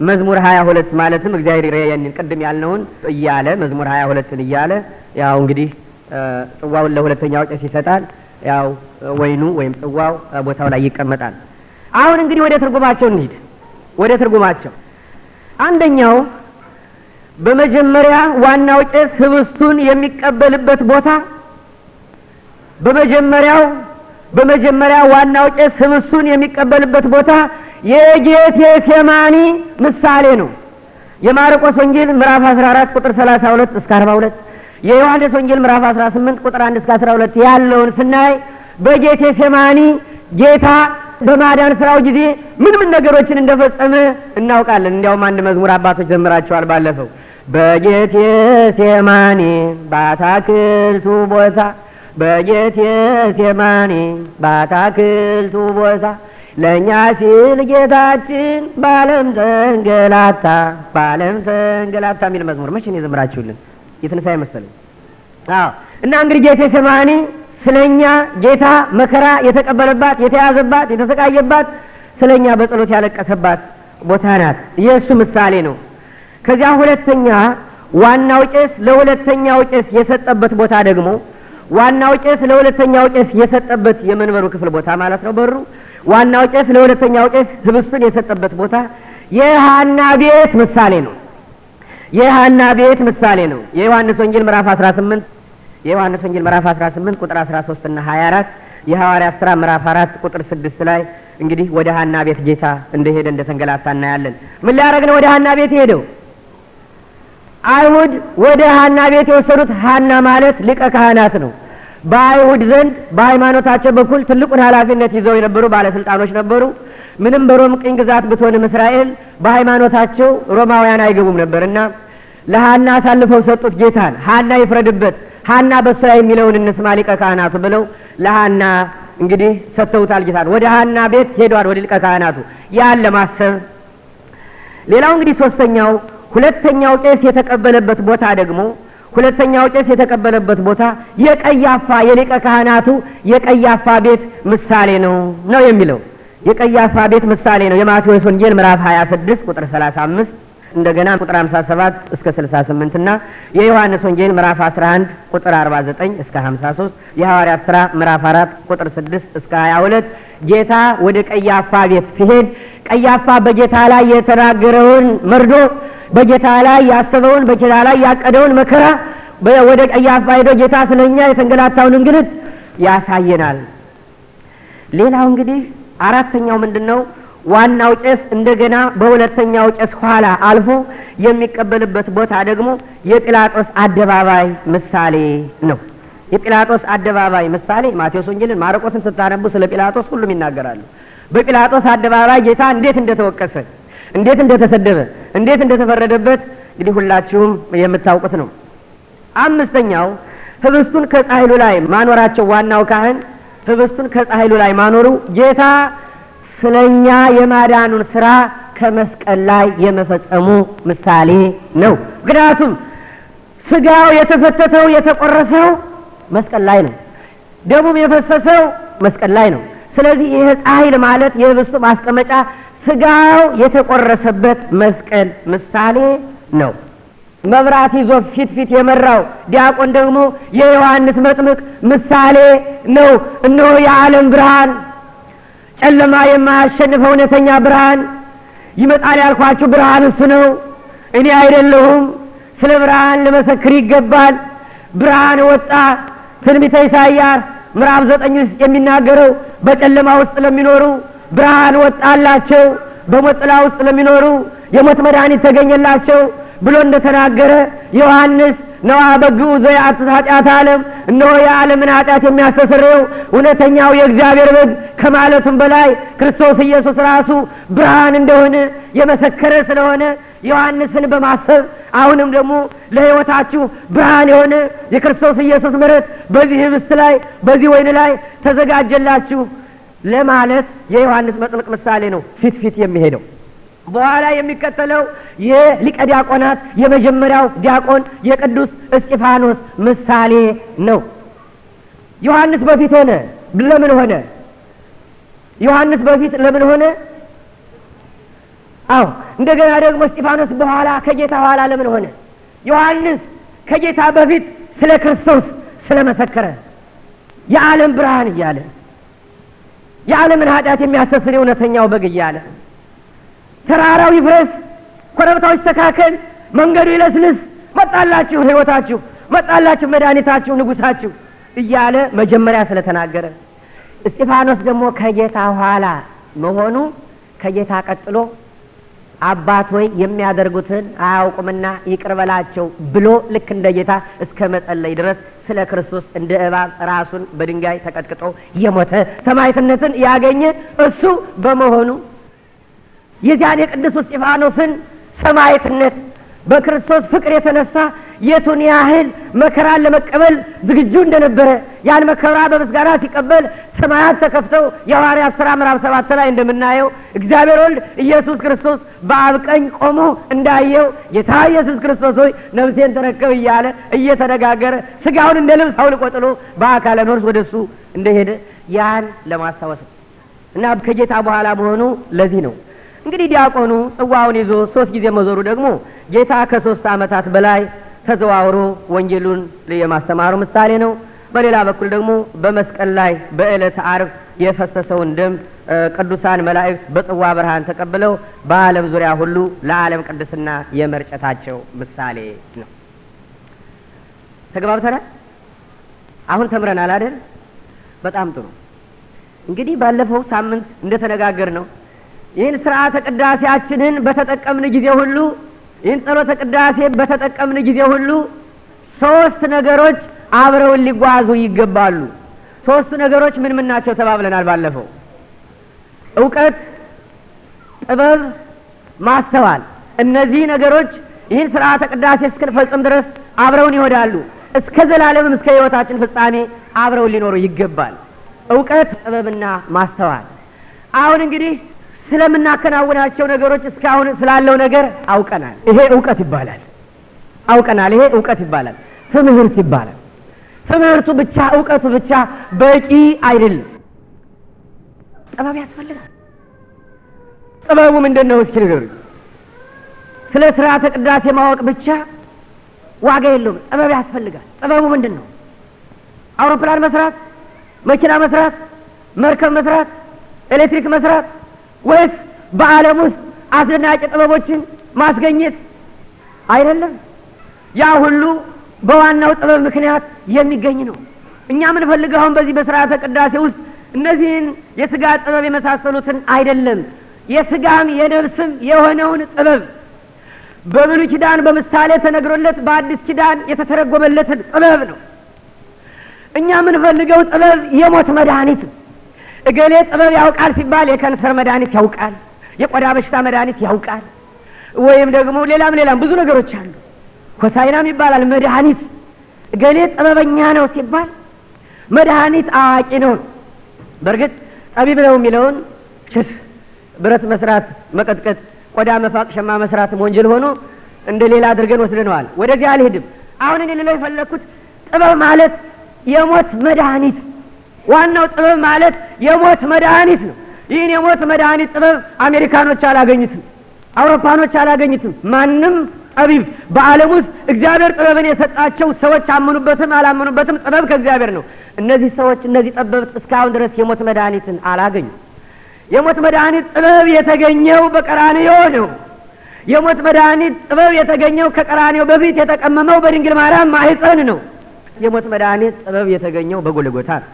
መዝሙር ሀያ ሁለት ማለትም እግዚአብሔር ያንን ቅድም ያልነውን እያለ መዝሙር ሀያ ሁለትን እያለ ያው እንግዲህ ጽዋውን ለሁለተኛው ቄስ ይሰጣል። ያው ወይኑ ወይም ጽዋው ቦታው ላይ ይቀመጣል። አሁን እንግዲህ ወደ ትርጉማቸው እንሂድ። ወደ ትርጉማቸው አንደኛው በመጀመሪያ ዋናው ቄስ ህብስቱን የሚቀበልበት ቦታ በመጀመሪያው በመጀመሪያ ዋናው ቄስ ህብስቱን የሚቀበልበት ቦታ የጌቴ ሴማኒ ምሳሌ ነው። የማርቆስ ወንጌል ምዕራፍ 14 ቁጥር 32 እስከ 42፣ የዮሐንስ ወንጌል ምዕራፍ 18 ቁጥር 1 እስከ 12 ያለውን ስናይ በጌቴ ሴማኒ ጌታ በማዳን ስራው ጊዜ ምን ምን ነገሮችን እንደፈጸመ እናውቃለን። እንዲያውም አንድ መዝሙር አባቶች ዘምራቸዋል ባለፈው በጌቴ ሴማኒ ባታክልቱ ቦታ በጌቴ ሴማኒ ባታክልቱ ቦታ ለእኛ ሲል ጌታችን ባለም ተንገላታ ባለም ተንገላታ የሚል መዝሙር መቼ ነው የዘምራችሁልን? የትንሣኤ መሰለኝ። አዎ። እና እንግዲህ ጌቴ ሴማኒ ስለኛ ጌታ መከራ የተቀበለባት የተያዘባት፣ የተሰቃየባት ስለኛ በጸሎት ያለቀሰባት ቦታ ናት። የእሱ ምሳሌ ነው። ከዚያ ሁለተኛ ዋናው ቄስ ለሁለተኛው ቄስ የሰጠበት ቦታ ደግሞ ዋናው ቄስ ለሁለተኛው ቄስ የሰጠበት የመንበሩ ክፍል ቦታ ማለት ነው። በሩ ዋናው ቄስ ለሁለተኛው ቄስ ህብስቱን የሰጠበት ቦታ የሃና ቤት ምሳሌ ነው። የሃና ቤት ምሳሌ ነው። የዮሐንስ ወንጌል ምዕራፍ 18 የዮሐንስ ወንጌል ምዕራፍ 18 ቁጥር 13 እና 24 የሐዋርያት ሥራ ምዕራፍ 4 ቁጥር 6 ላይ እንግዲህ ወደ ሃና ቤት ጌታ እንደሄደ እንደተንገላታ እናያለን። ምን ሊያደርግ ነው ወደ ሃና ቤት ሄደው አይሁድ ወደ ሀና ቤት የወሰዱት ሀና ማለት ሊቀ ካህናት ነው። በአይሁድ ዘንድ በሃይማኖታቸው በኩል ትልቁን ኃላፊነት ይዘው የነበሩ ባለስልጣኖች ነበሩ። ምንም በሮም ቅኝ ግዛት ብትሆንም እስራኤል በሃይማኖታቸው ሮማውያን አይገቡም ነበርና ለሀና አሳልፈው ሰጡት ጌታን። ሀና ይፍረድበት፣ ሀና በሷ የሚለውን እንስማ ሊቀ ካህናቱ ብለው ለሀና እንግዲህ ሰጥተውታል ጌታን። ወደ ሀና ቤት ሄዷል፣ ወደ ሊቀ ካህናቱ ያን ለማሰብ ሌላው እንግዲህ ሶስተኛው ሁለተኛው ቄስ የተቀበለበት ቦታ ደግሞ ሁለተኛው ቄስ የተቀበለበት ቦታ የቀያፋ የሊቀ ካህናቱ የቀያፋ ቤት ምሳሌ ነው ነው የሚለው የቀያፋ ቤት ምሳሌ ነው። የማቴዎስ ወንጌል ምዕራፍ 26 ቁጥር 35 እንደገና ቁጥር 57 እስከ 68 እና የዮሐንስ ወንጌል ምዕራፍ 11 ቁጥር 49 እስከ 53 የሐዋርያት ሥራ ምዕራፍ 4 ቁጥር 6 እስከ 22 ጌታ ወደ ቀያፋ ቤት ሲሄድ ቀያፋ በጌታ ላይ የተናገረውን መርዶ በጌታ ላይ ያሰበውን በጌታ ላይ ያቀደውን መከራ ወደ ቀያፋ ሄዶ ጌታ ስለኛ የተንገላታውን እንግልት ያሳየናል። ሌላው እንግዲህ አራተኛው ምንድን ነው? ዋናው ጨስ እንደገና በሁለተኛው ጨስ ኋላ አልፎ የሚቀበልበት ቦታ ደግሞ የጲላጦስ አደባባይ ምሳሌ ነው። የጲላጦስ አደባባይ ምሳሌ ማቴዎስ ወንጌልን፣ ማርቆስን ስታነቡ ስለ ጲላጦስ ሁሉም ይናገራሉ። በጲላጦስ አደባባይ ጌታ እንዴት እንደተወቀሰ እንዴት እንደተሰደበ፣ እንዴት እንደተፈረደበት እንግዲህ ሁላችሁም የምታውቁት ነው። አምስተኛው ህብስቱን ከጻሕሉ ላይ ማኖራቸው፣ ዋናው ካህን ህብስቱን ከጻሕሉ ላይ ማኖሩ ጌታ ስለኛ የማዳኑን ስራ ከመስቀል ላይ የመፈጸሙ ምሳሌ ነው። ምክንያቱም ስጋው የተፈተተው የተቆረሰው መስቀል ላይ ነው፣ ደሙም የፈሰሰው መስቀል ላይ ነው። ስለዚህ ይህ ጻሕል ማለት የህብስቱ ማስቀመጫ ስጋው የተቆረሰበት መስቀል ምሳሌ ነው። መብራት ይዞ ፊት ፊት የመራው ዲያቆን ደግሞ የዮሐንስ መጥምቅ ምሳሌ ነው። እነሆ የዓለም ብርሃን፣ ጨለማ የማያሸንፍ እውነተኛ ብርሃን ይመጣል ያልኳችሁ ብርሃን እሱ ነው፣ እኔ አይደለሁም። ስለ ብርሃን ልመሰክር ይገባል። ብርሃን ወጣ። ትንቢተ ኢሳይያስ ምዕራፍ ዘጠኝ ውስጥ የሚናገረው በጨለማ ውስጥ ለሚኖሩ ብርሃን ወጣላቸው በሞት ጥላ ውስጥ ለሚኖሩ የሞት መድኃኒት ተገኘላቸው ብሎ እንደተናገረ ዮሐንስ ነዋ በግኡ ዘያአትት ኃጢአት አለም እነሆ የዓለምን ኃጢአት የሚያስተሰርየው እውነተኛው የእግዚአብሔር በግ ከማለቱም በላይ ክርስቶስ ኢየሱስ ራሱ ብርሃን እንደሆነ የመሰከረ ስለሆነ ዮሐንስን በማሰብ አሁንም ደግሞ ለሕይወታችሁ ብርሃን የሆነ የክርስቶስ ኢየሱስ ምረት በዚህ ህብስት ላይ በዚህ ወይን ላይ ተዘጋጀላችሁ ለማለት የዮሐንስ መጥምቅ ምሳሌ ነው። ፊት ፊት የሚሄደው በኋላ የሚከተለው የሊቀ ዲያቆናት የመጀመሪያው ዲያቆን የቅዱስ እስጢፋኖስ ምሳሌ ነው። ዮሐንስ በፊት ሆነ። ለምን ሆነ? ዮሐንስ በፊት ለምን ሆነ? አዎ እንደገና ደግሞ እስጢፋኖስ በኋላ ከጌታ ኋላ ለምን ሆነ? ዮሐንስ ከጌታ በፊት ስለ ክርስቶስ ስለመሰከረ የዓለም ብርሃን እያለ የዓለምን ኃጢአት የሚያስተስር እውነተኛው በግ እያለ ተራራው ይፍረስ፣ ኮረብታው ይስተካከል፣ መንገዱ ይለስልስ፣ መጣላችሁ ሕይወታችሁ፣ መጣላችሁ መድኃኒታችሁ፣ ንጉሳችሁ እያለ መጀመሪያ ስለተናገረ እስጢፋኖስ ደግሞ ከጌታ ኋላ መሆኑ ከጌታ ቀጥሎ አባት ወይ የሚያደርጉትን አያውቁምና ይቅር በላቸው ብሎ ልክ እንደ ጌታ እስከ መጸለይ ድረስ ስለ ክርስቶስ እንደ እባብ ራሱን በድንጋይ ተቀጥቅጦ የሞተ ሰማዕትነትን ያገኘ እሱ በመሆኑ የዚያን የቅዱስ እስጢፋኖስን ሰማዕትነት በክርስቶስ ፍቅር የተነሳ የቱን ያህል መከራን ለመቀበል ዝግጁ እንደነበረ ያን መከራ በምስጋና ሲቀበል ሰማያት ተከፍተው የሐዋርያት ሥራ ምዕራፍ ሰባት ላይ እንደምናየው እግዚአብሔር ወልድ ኢየሱስ ክርስቶስ በአብ ቀኝ ቆሞ እንዳየው ጌታ ኢየሱስ ክርስቶስ ሆይ ነፍሴን ተረከብ እያለ እየተነጋገረ ስጋውን እንደ ልብስ አውልቆ ጥሎ በአካለ ኖርስ ወደ እሱ እንደሄደ ያን ለማስታወስ እና ከጌታ በኋላ መሆኑ ለዚህ ነው። እንግዲህ ዲያቆኑ ጽዋውን ይዞ ሶስት ጊዜ መዞሩ ደግሞ ጌታ ከሶስት ዓመታት በላይ ተዘዋውሮ ወንጌሉን የማስተማሩ ምሳሌ ነው። በሌላ በኩል ደግሞ በመስቀል ላይ በዕለተ አርብ የፈሰሰውን ደም ቅዱሳን መላእክት በጽዋ ብርሃን ተቀብለው በዓለም ዙሪያ ሁሉ ለዓለም ቅድስና የመርጨታቸው ምሳሌ ነው። ተግባብተናል? አሁን ተምረናል አይደል? በጣም ጥሩ። እንግዲህ ባለፈው ሳምንት እንደተነጋገር ነው ይህን ስርዓተ ቅዳሴያችንን በተጠቀምን ጊዜ ሁሉ ይህን ጸሎተ ቅዳሴ በተጠቀምን ጊዜ ሁሉ ሶስት ነገሮች አብረውን ሊጓዙ ይገባሉ። ሶስቱ ነገሮች ምን ምን ናቸው ተባብለናል ባለፈው። እውቀት፣ ጥበብ፣ ማስተዋል። እነዚህ ነገሮች ይህን ስርዓተ ቅዳሴ እስክንፈጽም ድረስ አብረውን ይወዳሉ። እስከ ዘላለምም እስከ ህይወታችን ፍጻሜ አብረውን ሊኖሩ ይገባል። እውቀት፣ ጥበብና ማስተዋል። አሁን እንግዲህ ስለምናከናውናቸው ነገሮች እስካሁን ስላለው ነገር አውቀናል። ይሄ እውቀት ይባላል። አውቀናል። ይሄ እውቀት ይባላል። ትምህርት ይባላል። ትምህርቱ ብቻ እውቀቱ ብቻ በቂ አይደለም። ጥበብ ያስፈልጋል። ጥበቡ ምንድን ነው? እስኪ ንገሩኝ። ስለ ስርዓተ ቅዳሴ ማወቅ ብቻ ዋጋ የለውም። ጥበብ ያስፈልጋል። ጥበቡ ምንድን ነው? አውሮፕላን መስራት፣ መኪና መስራት፣ መርከብ መስራት፣ ኤሌክትሪክ መስራት ወይስ በዓለም ውስጥ አስደናቂ ጥበቦችን ማስገኘት አይደለም። ያ ሁሉ በዋናው ጥበብ ምክንያት የሚገኝ ነው። እኛ ምን ፈልገውን በዚህ በስርዓተ ቅዳሴ ውስጥ እነዚህን የስጋ ጥበብ የመሳሰሉትን አይደለም፣ የስጋም የነፍስም የሆነውን ጥበብ በብሉይ ኪዳን በምሳሌ ተነግሮለት በአዲስ ኪዳን የተተረጎመለትን ጥበብ ነው። እኛ የምንፈልገው ጥበብ የሞት መድኃኒት ነው። እገሌ ጥበብ ያውቃል ሲባል የከንሰር መድኃኒት ያውቃል፣ የቆዳ በሽታ መድኃኒት ያውቃል፣ ወይም ደግሞ ሌላም ሌላም ብዙ ነገሮች አሉ። ኮሳይናም ይባላል መድኃኒት። እገሌ ጥበበኛ ነው ሲባል መድኃኒት አዋቂ ነው። በእርግጥ ጠቢብ ነው የሚለውን ችስ ብረት መስራት፣ መቀጥቀጥ፣ ቆዳ መፋቅ፣ ሸማ መስራትም ወንጀል ሆኖ እንደ ሌላ አድርገን ወስደነዋል። ወደዚህ አልሄድም። አሁን እኔ ልለው የፈለግኩት ጥበብ ማለት የሞት መድኃኒት ዋናው ጥበብ ማለት የሞት መድኃኒት ነው። ይህን የሞት መድኃኒት ጥበብ አሜሪካኖች አላገኙትም፣ አውሮፓኖች አላገኙትም። ማንም ጠቢብ በዓለም ውስጥ እግዚአብሔር ጥበብን የሰጣቸው ሰዎች አመኑበትም አላመኑበትም ጥበብ ከእግዚአብሔር ነው። እነዚህ ሰዎች እነዚህ ጠበብት እስካሁን ድረስ የሞት መድኃኒትን አላገኙ። የሞት መድኃኒት ጥበብ የተገኘው በቀራንዮ ነው። የሞት መድኃኒት ጥበብ የተገኘው ከቀራንዮ በፊት የተቀመመው በድንግል ማርያም ማህፀን ነው። የሞት መድኃኒት ጥበብ የተገኘው በጎልጎታ ነው።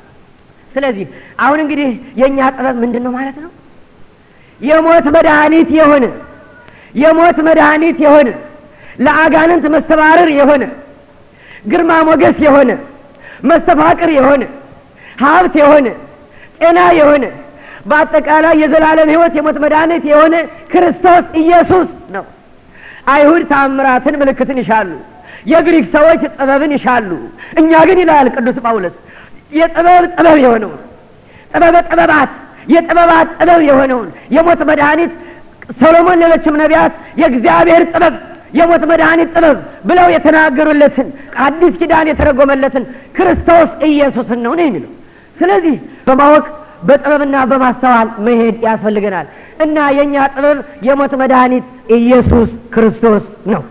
ስለዚህ አሁን እንግዲህ የእኛ ጥበብ ምንድን ነው ማለት ነው? የሞት መድኃኒት የሆነ የሞት መድኃኒት የሆነ ለአጋንንት መስተባረር የሆነ ግርማ ሞገስ የሆነ መስተፋቅር የሆነ ሀብት የሆነ ጤና የሆነ በአጠቃላይ የዘላለም ሕይወት የሞት መድኃኒት የሆነ ክርስቶስ ኢየሱስ ነው። አይሁድ ታምራትን ምልክትን ይሻሉ፣ የግሪክ ሰዎች ጥበብን ይሻሉ። እኛ ግን ይላል ቅዱስ ጳውሎስ የጥበብ ጥበብ የሆነውን ጥበበ ጥበባት የጥበባት ጥበብ የሆነውን የሞት መድኃኒት ሰሎሞን፣ ሌሎችም ነቢያት የእግዚአብሔር ጥበብ የሞት መድኃኒት ጥበብ ብለው የተናገሩለትን አዲስ ኪዳን የተረጎመለትን ክርስቶስ ኢየሱስን ነው ነው የሚለው። ስለዚህ በማወቅ በጥበብና በማስተዋል መሄድ ያስፈልገናል እና የእኛ ጥበብ የሞት መድኃኒት ኢየሱስ ክርስቶስ ነው።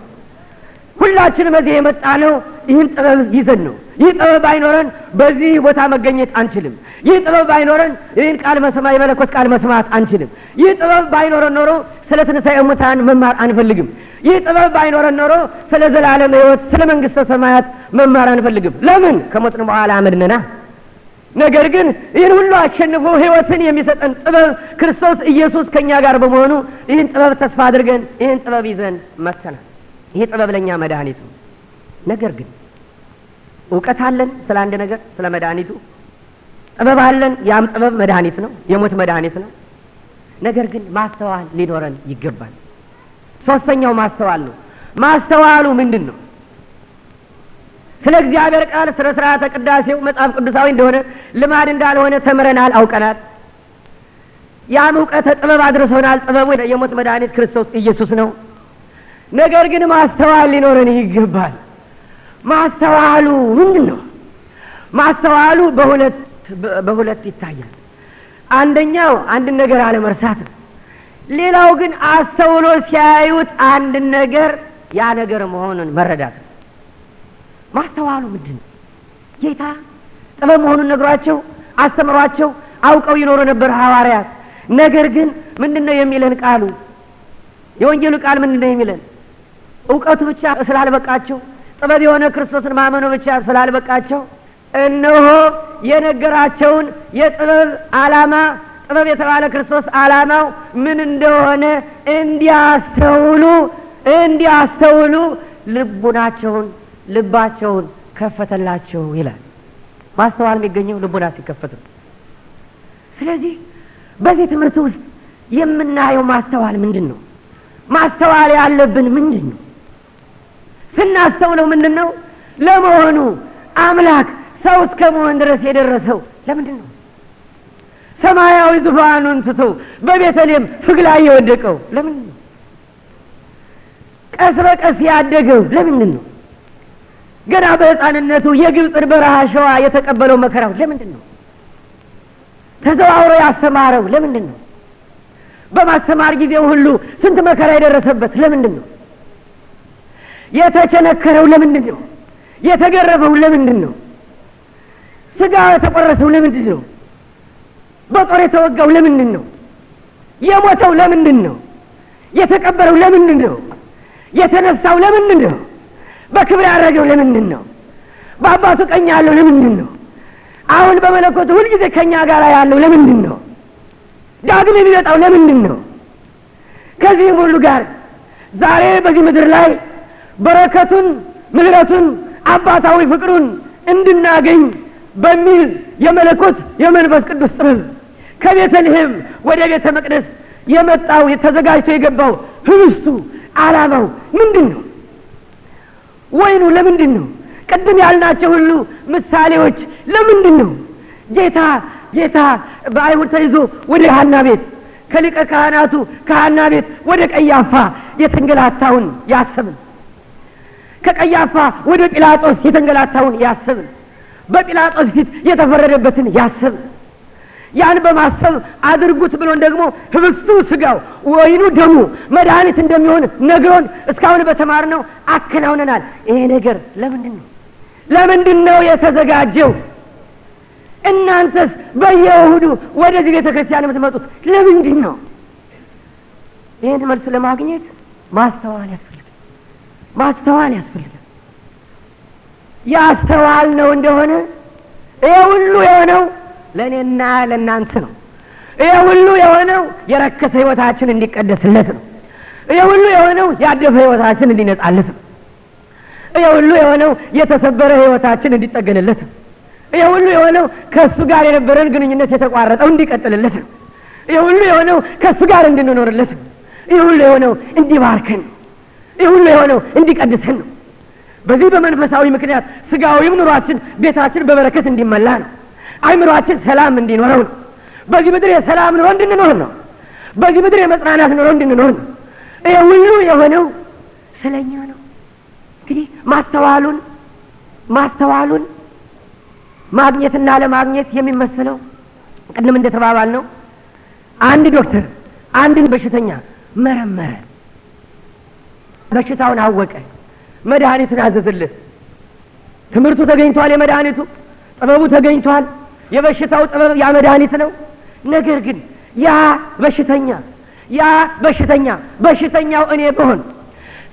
ሁላችንም እዚህ የመጣ ነው ይህን ጥበብ ይዘን ነው። ይህ ጥበብ አይኖረን በዚህ ቦታ መገኘት አንችልም። ይህ ጥበብ ባይኖረን ይህን ቃል መስማ የመለኮት ቃል መስማት አንችልም። ይህ ጥበብ ባይኖረን ኖሮ ስለ ትንሣኤ ሙታን መማር አንፈልግም። ይህ ጥበብ ባይኖረን ኖሮ ስለ ዘላለም ህይወት ስለ መንግሥተ ሰማያት መማር አንፈልግም። ለምን? ከሞትን በኋላ አመድነና ነገር ግን ይህን ሁሉ አሸንፎ ህይወትን የሚሰጠን ጥበብ ክርስቶስ ኢየሱስ ከእኛ ጋር በመሆኑ ይህን ጥበብ ተስፋ አድርገን ይህን ጥበብ ይዘን መተናል። ይሄ ጥበብ ለእኛ ነው ነገር ግን እውቀት አለን ስለ አንድ ነገር ስለ መድኃኒቱ፣ ጥበብ አለን፣ ያም ጥበብ መድኃኒት ነው፣ የሞት መድኃኒት ነው። ነገር ግን ማስተዋል ሊኖረን ይገባል። ሶስተኛው ማስተዋል ነው። ማስተዋሉ ምንድን ነው? ስለ እግዚአብሔር ቃል ስለ ስርዓተ ቅዳሴው መጽሐፍ ቅዱሳዊ እንደሆነ ልማድ እንዳልሆነ ተምረናል፣ አውቀናል። ያም እውቀተ ጥበብ አድርሶናል። ጥበቡ የሞት መድኃኒት ክርስቶስ ኢየሱስ ነው። ነገር ግን ማስተዋል ሊኖረን ይገባል። ማስተዋሉ ምንድን ነው? ማስተዋሉ በሁለት በሁለት ይታያል። አንደኛው አንድን ነገር አለመርሳት ሌላው ግን አስተውሎ ሲያዩት አንድን ነገር ያ ነገር መሆኑን መረዳት ማስተዋሉ ምንድን ነው? ጌታ ጥበብ መሆኑን ነግሯቸው አስተምሯቸው አውቀው ይኖሩ ነበር ሐዋርያት። ነገር ግን ምንድን ነው የሚለን ቃሉ? የወንጌሉ ቃል ምንድን ነው የሚለን? እውቀቱ ብቻ ስላልበቃቸው፣ ጥበብ የሆነ ክርስቶስን ማመኑ ብቻ ስላልበቃቸው እነሆ የነገራቸውን የጥበብ ዓላማ ጥበብ የተባለ ክርስቶስ ዓላማው ምን እንደሆነ እንዲያስተውሉ እንዲያስተውሉ ልቡናቸውን ልባቸውን ከፈተላቸው ይላል። ማስተዋል የሚገኘው ልቡና ሲከፈት ነው። ስለዚህ በዚህ ትምህርት ውስጥ የምናየው ማስተዋል ምንድን ነው? ማስተዋል ያለብን ምንድን ነው? ስናስተውለው ምንድን ነው ለመሆኑ አምላክ ሰው እስከ መሆን ድረስ የደረሰው ለምንድን ነው? ሰማያዊ ዙፋኑን ትቶ በቤተልሔም ፍግ ላይ የወደቀው ለምንድን ነው? ቀስ በቀስ ያደገው ለምንድን ነው? ገና በህፃንነቱ የግብፅን በረሃ ሸዋ የተቀበለው መከራው ለምንድን ነው? ተዘዋውሮ ያስተማረው ለምንድን ነው? በማስተማር ጊዜው ሁሉ ስንት መከራ የደረሰበት ለምንድን ነው? የተቸነከረው ለምንድን ነው? የተገረፈው ለምንድን ነው? ስጋ የተቆረሰው ለምንድን ነው? በጦር የተወጋው ለምንድን ነው? የሞተው ለምንድን ነው? የተቀበረው ለምንድን ነው? የተነሳው ለምንድን ነው? በክብር ያረገው ለምንድን ነው? በአባቱ ቀኝ ያለው ለምንድን ነው? አሁን በመለኮቱ ሁልጊዜ ከኛ ጋር ያለው ለምንድን ነው? ዳግም የሚመጣው ለምንድን ነው? ከዚህም ሁሉ ጋር ዛሬ በዚህ ምድር ላይ በረከቱን፣ ምህረቱን አባታዊ ፍቅሩን እንድናገኝ በሚል የመለኮት የመንፈስ ቅዱስ ጥበብ ከቤተልሔም ወደ ቤተ መቅደስ የመጣው ተዘጋጅቶ የገባው ህብስቱ አላማው ምንድን ነው? ወይኑ ለምንድን ነው? ቅድም ያልናቸው ሁሉ ምሳሌዎች ለምንድን ነው? ጌታ ጌታ በአይሁድ ተይዞ ወደ ሀና ቤት ከሊቀ ካህናቱ ከሀና ቤት ወደ ቀያፋ የተንገላታውን ያሰብን ከቀያፋ ወደ ጲላጦስ የተንገላታውን ያስብን። በጲላጦስ ፊት የተፈረደበትን ያስብ ያን በማሰብ አድርጉት ብሎን ደግሞ ህብስቱ ስጋው፣ ወይኑ ደሙ መድኃኒት እንደሚሆን ነግሮን እስካሁን በተማርነው አከናውነናል። ይሄ ነገር ለምንድን ነው ለምንድን ነው የተዘጋጀው? እናንተስ በየእሁዱ ወደዚህ ቤተ ክርስቲያን የምትመጡት ለምንድን ነው? ይህን መልሱ ለማግኘት ማስተዋል ማስተዋል ያስፈልጋል። ያስተዋል ነው እንደሆነ ይሄ ሁሉ የሆነው ለእኔና ለእናንተ ነው። ይሄ ሁሉ የሆነው የረከሰ ህይወታችን እንዲቀደስለት ነው። ይሄ ሁሉ የሆነው ያደፈ ህይወታችን እንዲነጻለት ነው። ይሄ ሁሉ የሆነው የተሰበረ ህይወታችን እንዲጠገንለት ነው። ይሄ ሁሉ የሆነው ከእሱ ጋር የነበረን ግንኙነት የተቋረጠው እንዲቀጥልለት ነው። ይሄ ሁሉ የሆነው ከእሱ ጋር እንድንኖርለት ነው። ይሄ ሁሉ የሆነው እንዲባርከን ነው። ይህ ሁሉ የሆነው እንዲቀድሰን ነው። በዚህ በመንፈሳዊ ምክንያት ስጋዊም ኑሯችን ቤታችን በበረከት እንዲመላ ነው። አይምሯችን ሰላም እንዲኖረው ነው። በዚህ ምድር የሰላም ኑሮ እንድንኖር ነው። በዚህ ምድር የመጽናናት ኑሮ እንድንኖር ነው። ይህ ሁሉ የሆነው ስለኛ ነው። እንግዲህ ማስተዋሉን ማስተዋሉን ማግኘትና ለማግኘት የሚመስለው ቅድም እንደተባባል ነው። አንድ ዶክተር አንድን በሽተኛ መረመረ። በሽታውን አወቀ፣ መድኃኒትን አዘዝልህ። ትምህርቱ ተገኝቷል፣ የመድኃኒቱ ጥበቡ ተገኝቷል። የበሽታው ጥበብ ያ መድኃኒት ነው። ነገር ግን ያ በሽተኛ ያ በሽተኛ በሽተኛው እኔ ብሆን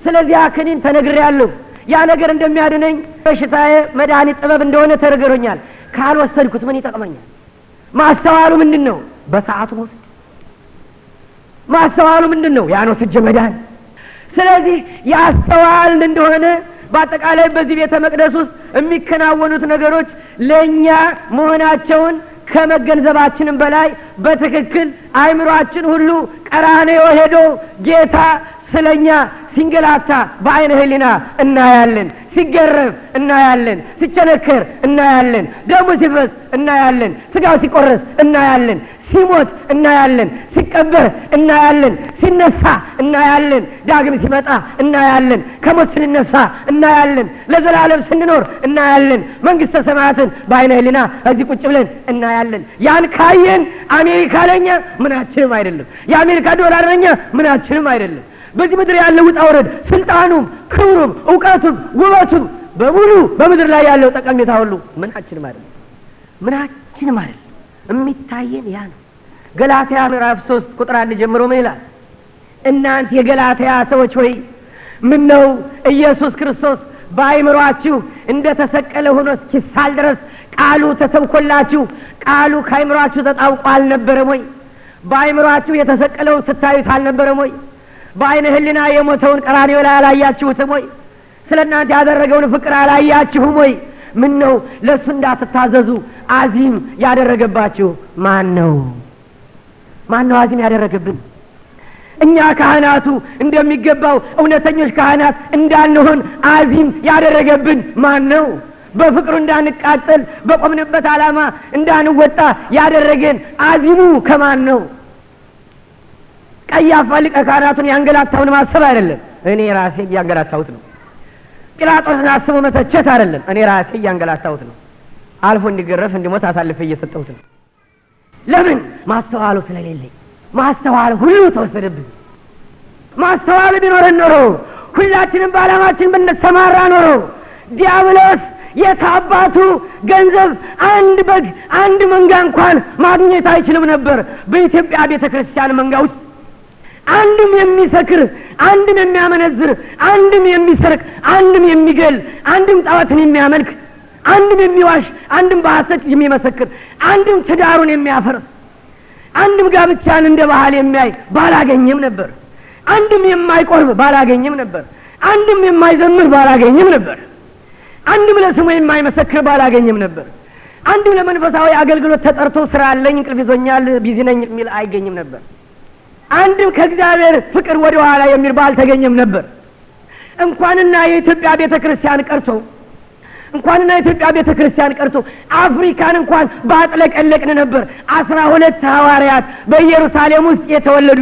ስለዚያ ክኒን ተነግሬያለሁ። ያ ነገር እንደሚያድነኝ በሽታዬ መድኃኒት ጥበብ እንደሆነ ተነግሮኛል። ካልወሰድኩት ምን ይጠቅመኛል? ማስተዋሉ ምንድን ነው? በሰዓቱ መውሰድ። ማስተዋሉ ምንድን ነው? ያን ወስጄ መድኃኒት ስለዚህ ያስተዋል እንደሆነ በአጠቃላይ በዚህ ቤተ መቅደስ ውስጥ የሚከናወኑት ነገሮች ለእኛ መሆናቸውን ከመገንዘባችንም በላይ በትክክል አይምሯችን ሁሉ ቀራንዮ ሄዶ ጌታ ስለኛ ሲንገላታ በአይነ ህሊና እናያለን። ሲገረፍ እናያለን። ሲቸነከር እናያለን። ደሙ ሲፈስ እናያለን። ስጋው ሲቆረስ እናያለን። ሲሞት እናያለን፣ ሲቀበር እናያለን፣ ሲነሳ እናያለን፣ ዳግም ሲመጣ እናያለን፣ ከሞት ስንነሳ እናያለን፣ ለዘላለም ስንኖር እናያለን፣ መንግሥተ ሰማያትን በአይነ ህሊና እዚህ ቁጭ ብለን እናያለን። ያን ካየን አሜሪካ ለኛ ምናችንም አይደለም፣ የአሜሪካ ዶላር ለኛ ምናችንም አይደለም። በዚህ ምድር ያለ ውጣ ውረድ፣ ስልጣኑም፣ ክብሩም፣ እውቀቱም፣ ውበቱም በሙሉ በምድር ላይ ያለው ጠቀሜታ ሁሉ ምናችንም አይደለም፣ ምናችንም አይደለም። የሚታየን ያ ነው። ገላትያ ምዕራፍ ሶስት ቁጥር አንድ ጀምሮ ምን ይላል? እናንት የገላትያ ሰዎች ሆይ ምን ነው ኢየሱስ ክርስቶስ በአይምሯችሁ እንደ ተሰቀለ ሆኖ እስኪሳል ድረስ ቃሉ ተሰብኮላችሁ ቃሉ ከአይምሯችሁ ተጣውቆ አልነበረም ወይ? በአይምሯችሁ የተሰቀለው ስታዩት አልነበረም ወይ? በአይነ ህሊና የሞተውን ቀራኔው ላይ አላያችሁትም ወይ? ስለ እናንተ ያደረገውን ፍቅር አላያችሁም ወይ? ምን ነው ለእሱ እንዳትታዘዙ አዚም ያደረገባችሁ ማን ነው? ማን አዚም ያደረገብን? እኛ ካህናቱ እንደሚገባው እውነተኞች ካህናት እንዳንሆን አዚም ያደረገብን ማን ነው? በፍቅሩ እንዳንቃጠል በቆምንበት አላማ እንዳንወጣ ያደረገን አዚሙ ከማን ነው? ቀያፋ ሊቀ ካህናቱን ያንገላታውን ማሰብ አይደለም፣ እኔ ራሴ እያንገላታሁት ነው። ጲላጦስን አስቦ መተቸት አይደለም፣ እኔ ራሴ እያንገላታሁት ነው። አልፎ እንዲገረፍ እንዲሞት አሳልፌ እየሰጠሁት ነው። ለምን ማስተዋሉ ስለሌለኝ ማስተዋል ሁሉ ተወሰደብኝ ማስተዋል ቢኖረን ኖሮ ሁላችንም በዓላማችን ብንሰማራ ኖሮ ዲያብሎስ የታባቱ ገንዘብ አንድ በግ አንድ መንጋ እንኳን ማግኘት አይችልም ነበር በኢትዮጵያ ቤተ ክርስቲያን መንጋ ውስጥ አንድም የሚሰክር አንድም የሚያመነዝር አንድም የሚሰርቅ አንድም የሚገል አንድም ጣዋትን የሚያመልክ አንድም የሚዋሽ አንድም በሐሰት የሚመሰክር አንድም ትዳሩን የሚያፈርስ አንድም ጋብቻን እንደ ባህል የሚያይ ባላገኘም ነበር። አንድም የማይቆርብ ባላገኘም ነበር። አንድም የማይዘምር ባላገኘም ነበር። አንድም ለስሙ የማይመሰክር ባላገኘም ነበር። አንድም ለመንፈሳዊ አገልግሎት ተጠርቶ ስራ አለኝ፣ እንቅልፍ ይዞኛል፣ ቢዚ ነኝ የሚል አይገኝም ነበር። አንድም ከእግዚአብሔር ፍቅር ወደ ኋላ የሚል ባልተገኘም ነበር። እንኳንና የኢትዮጵያ ቤተ ክርስቲያን ቀርቶ እንኳንና ኢትዮጵያ ቤተ ክርስቲያን ቀርቶ አፍሪካን እንኳን ባጥለቀለቅን ነበር። አስራ ሁለት ሐዋርያት በኢየሩሳሌም ውስጥ የተወለዱ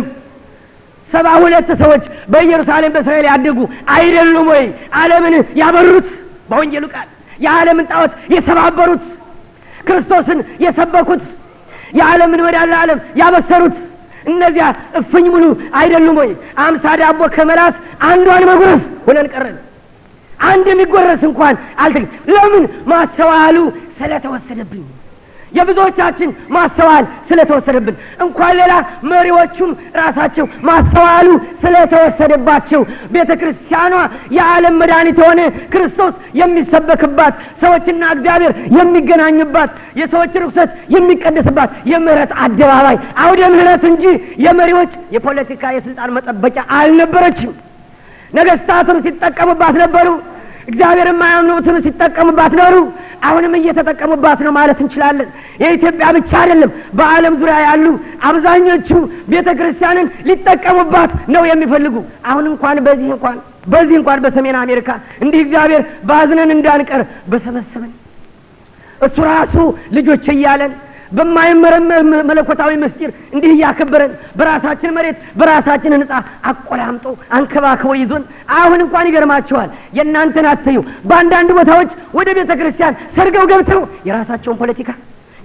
ሰባ ሁለት ሰዎች በኢየሩሳሌም በእስራኤል ያደጉ አይደሉም ወይ? አለምን ያበሩት በወንጌሉ ቃል የዓለምን ጣዖት የሰባበሩት ክርስቶስን የሰበኩት የዓለምን ወደ ዓለም ያበሰሩት እነዚያ እፍኝ ሙሉ አይደሉም ወይ? አምሳ ዳቦ ከመላስ አንዷን መጉረስ ሁነን ቀረን። አንድ የሚጎረስ እንኳን አልተገኘ። ለምን ማስተዋሉ ስለተወሰደብኝ፣ የብዙዎቻችን ማስተዋል ስለተወሰደብን እንኳን ሌላ መሪዎቹም ራሳቸው ማስተዋሉ ስለተወሰደባቸው ቤተ ክርስቲያኗ የዓለም መድኃኒት የሆነ ክርስቶስ የሚሰበክባት፣ ሰዎችና እግዚአብሔር የሚገናኝባት የሰዎች ርኩሰት የሚቀደስባት የምህረት አደባባይ አውደ ምህረት እንጂ የመሪዎች የፖለቲካ የስልጣን መጠበቂያ አልነበረችም። ነገስታትን ሲጠቀሙባት ነበሩ። እግዚአብሔር የማያምኑትን ሲጠቀሙባት ኖሩ። አሁንም እየተጠቀሙባት ነው ማለት እንችላለን። የኢትዮጵያ ብቻ አይደለም፣ በአለም ዙሪያ ያሉ አብዛኞቹ ቤተ ክርስቲያንን ሊጠቀሙባት ነው የሚፈልጉ። አሁን እንኳን በዚህ እንኳን በዚህ እንኳን በሰሜን አሜሪካ እንዲህ እግዚአብሔር ባዝነን እንዳንቀር በሰበሰበን እሱ ራሱ ልጆች እያለን በማይመረመር መለኮታዊ ምስጢር እንዲህ እያከበረን በራሳችን መሬት በራሳችን ህንጻ አቆላምጦ አንከባክቦ ይዞን አሁን እንኳን ይገርማቸዋል። የእናንተን አትዩ። በአንዳንድ ቦታዎች ወደ ቤተ ክርስቲያን ሰርገው ገብተው የራሳቸውን ፖለቲካ፣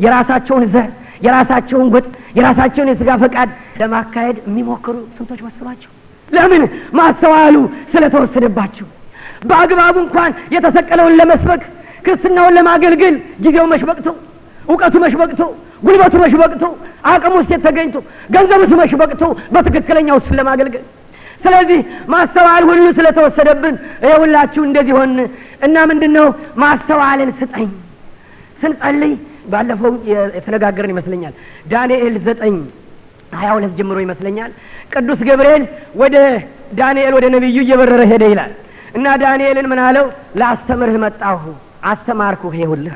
የራሳቸውን ዘር፣ የራሳቸውን ጎጥ፣ የራሳቸውን የስጋ ፈቃድ ለማካሄድ የሚሞክሩ ስንቶች መስሏቸው። ለምን ማስተዋሉ ስለተወሰደባቸው በአግባቡ እንኳን የተሰቀለውን ለመስበክ ክርስትናውን ለማገልገል ጊዜው መሽበቅተው እውቀቱ መሽበቅቶ ጉልበቱ መሽበቅቶ አቅሙ ውስጥ ተገኝቶ ገንዘቡ መሽበቅቶ በትክክለኛ ውስጥ ለማገልገል ስለዚህ ማስተዋል ሁሉ ስለተወሰደብን ሁላችሁ እንደዚህ ሆን እና ምንድን ነው ማስተዋልን ስጠኝ ስንጸልይ ባለፈው የተነጋገርን ይመስለኛል ዳንኤል ዘጠኝ ሀያ ሁለት ጀምሮ ይመስለኛል ቅዱስ ገብርኤል ወደ ዳንኤል ወደ ነቢዩ እየበረረ ሄደ ይላል እና ዳንኤልን ምናለው ለአስተምርህ ላስተምርህ መጣሁ አስተማርኩህ ይሁልህ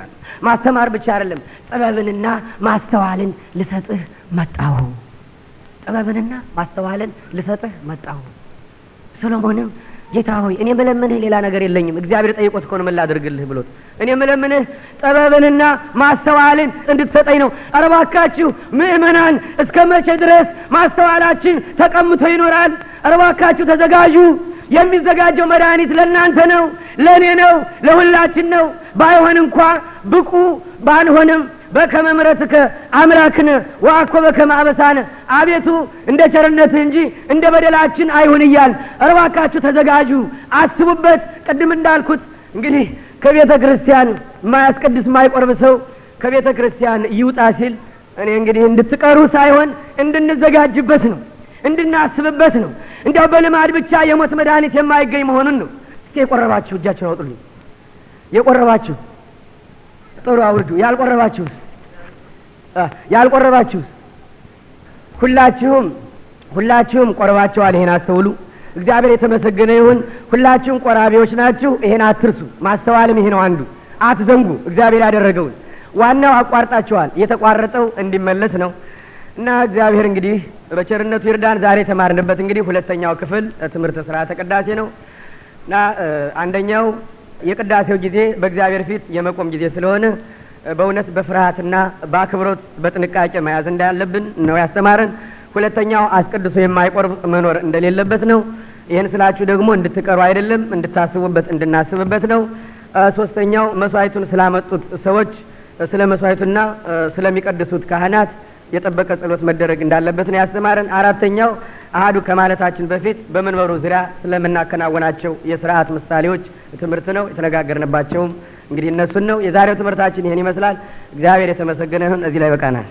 ማስተማር ብቻ አይደለም፣ ጥበብንና ማስተዋልን ልሰጥህ መጣሁ። ጥበብንና ማስተዋልን ልሰጥህ መጣሁ። ሰሎሞንም ጌታ ሆይ እኔ መለምንህ ሌላ ነገር የለኝም፣ እግዚአብሔር ጠይቆት እኮ ነው ምን ላድርግልህ ብሎት፣ እኔ መለምንህ ጥበብንና ማስተዋልን እንድትሰጠኝ ነው። ኧረ እባካችሁ ምእመናን፣ እስከ መቼ ድረስ ማስተዋላችን ተቀምቶ ይኖራል? ኧረ እባካችሁ ተዘጋጁ። የሚዘጋጀው መድኃኒት ለእናንተ ነው፣ ለእኔ ነው፣ ለሁላችን ነው። ባይሆን እንኳ ብቁ ባልሆንም በከመ ምሕረትከ አምላክነ ወአኮበ ከመ አበሳነ አቤቱ እንደ ቸርነትህ እንጂ እንደ በደላችን አይሁን እያል እርባካችሁ ተዘጋጁ፣ አስቡበት። ቅድም እንዳልኩት እንግዲህ ከቤተ ክርስቲያን የማያስቀድስ ማይቆርብ ሰው ከቤተ ክርስቲያን ይውጣ ሲል እኔ እንግዲህ እንድትቀሩ ሳይሆን እንድንዘጋጅበት ነው፣ እንድናስብበት ነው። እንዲያው በልማድ ብቻ የሞት መድኃኒት የማይገኝ መሆኑን ነው። እስኪ የቆረባችሁ እጃችሁን አውጡልኝ፣ የቆረባችሁ ጥሩ አውርዱ። ያልቆረባችሁስ ያልቆረባችሁስ ሁላችሁም ሁላችሁም ቆርባችኋል። ይሄን አስተውሉ። እግዚአብሔር የተመሰገነ ይሁን። ሁላችሁም ቆራቢዎች ናችሁ። ይሄን አትርሱ። ማስተዋልም ይሄ ነው አንዱ። አትዘንጉ እግዚአብሔር ያደረገውን። ዋናው አቋርጣችኋል። የተቋረጠው እንዲመለስ ነው እና እግዚአብሔር እንግዲህ በቸርነቱ ይርዳን። ዛሬ የተማርንበት እንግዲህ ሁለተኛው ክፍል ትምህርት ስራ ተቀዳሴ ነው እና አንደኛው የቅዳሴው ጊዜ በእግዚአብሔር ፊት የመቆም ጊዜ ስለሆነ በእውነት በፍርሃትና በአክብሮት በጥንቃቄ መያዝ እንዳለብን ነው ያስተማረን። ሁለተኛው አስቀድሶ የማይቆርብ መኖር እንደሌለበት ነው። ይህን ስላችሁ ደግሞ እንድትቀሩ አይደለም፣ እንድታስቡበት እንድናስብበት ነው። ሶስተኛው መስዋዕቱን ስላመጡት ሰዎች ስለ መስዋዕቱና ስለሚቀድሱት ካህናት የጠበቀ ጸሎት መደረግ እንዳለበት ነው ያስተማረን። አራተኛው አህዱ ከማለታችን በፊት በመንበሩ ዙሪያ ስለምናከናወናቸው የስርዓት ምሳሌዎች ትምህርት ነው የተነጋገርንባቸውም እንግዲህ እነሱን ነው። የዛሬው ትምህርታችን ይህን ይመስላል። እግዚአብሔር የተመሰገነ ይሁን። እዚህ ላይ በቃናል።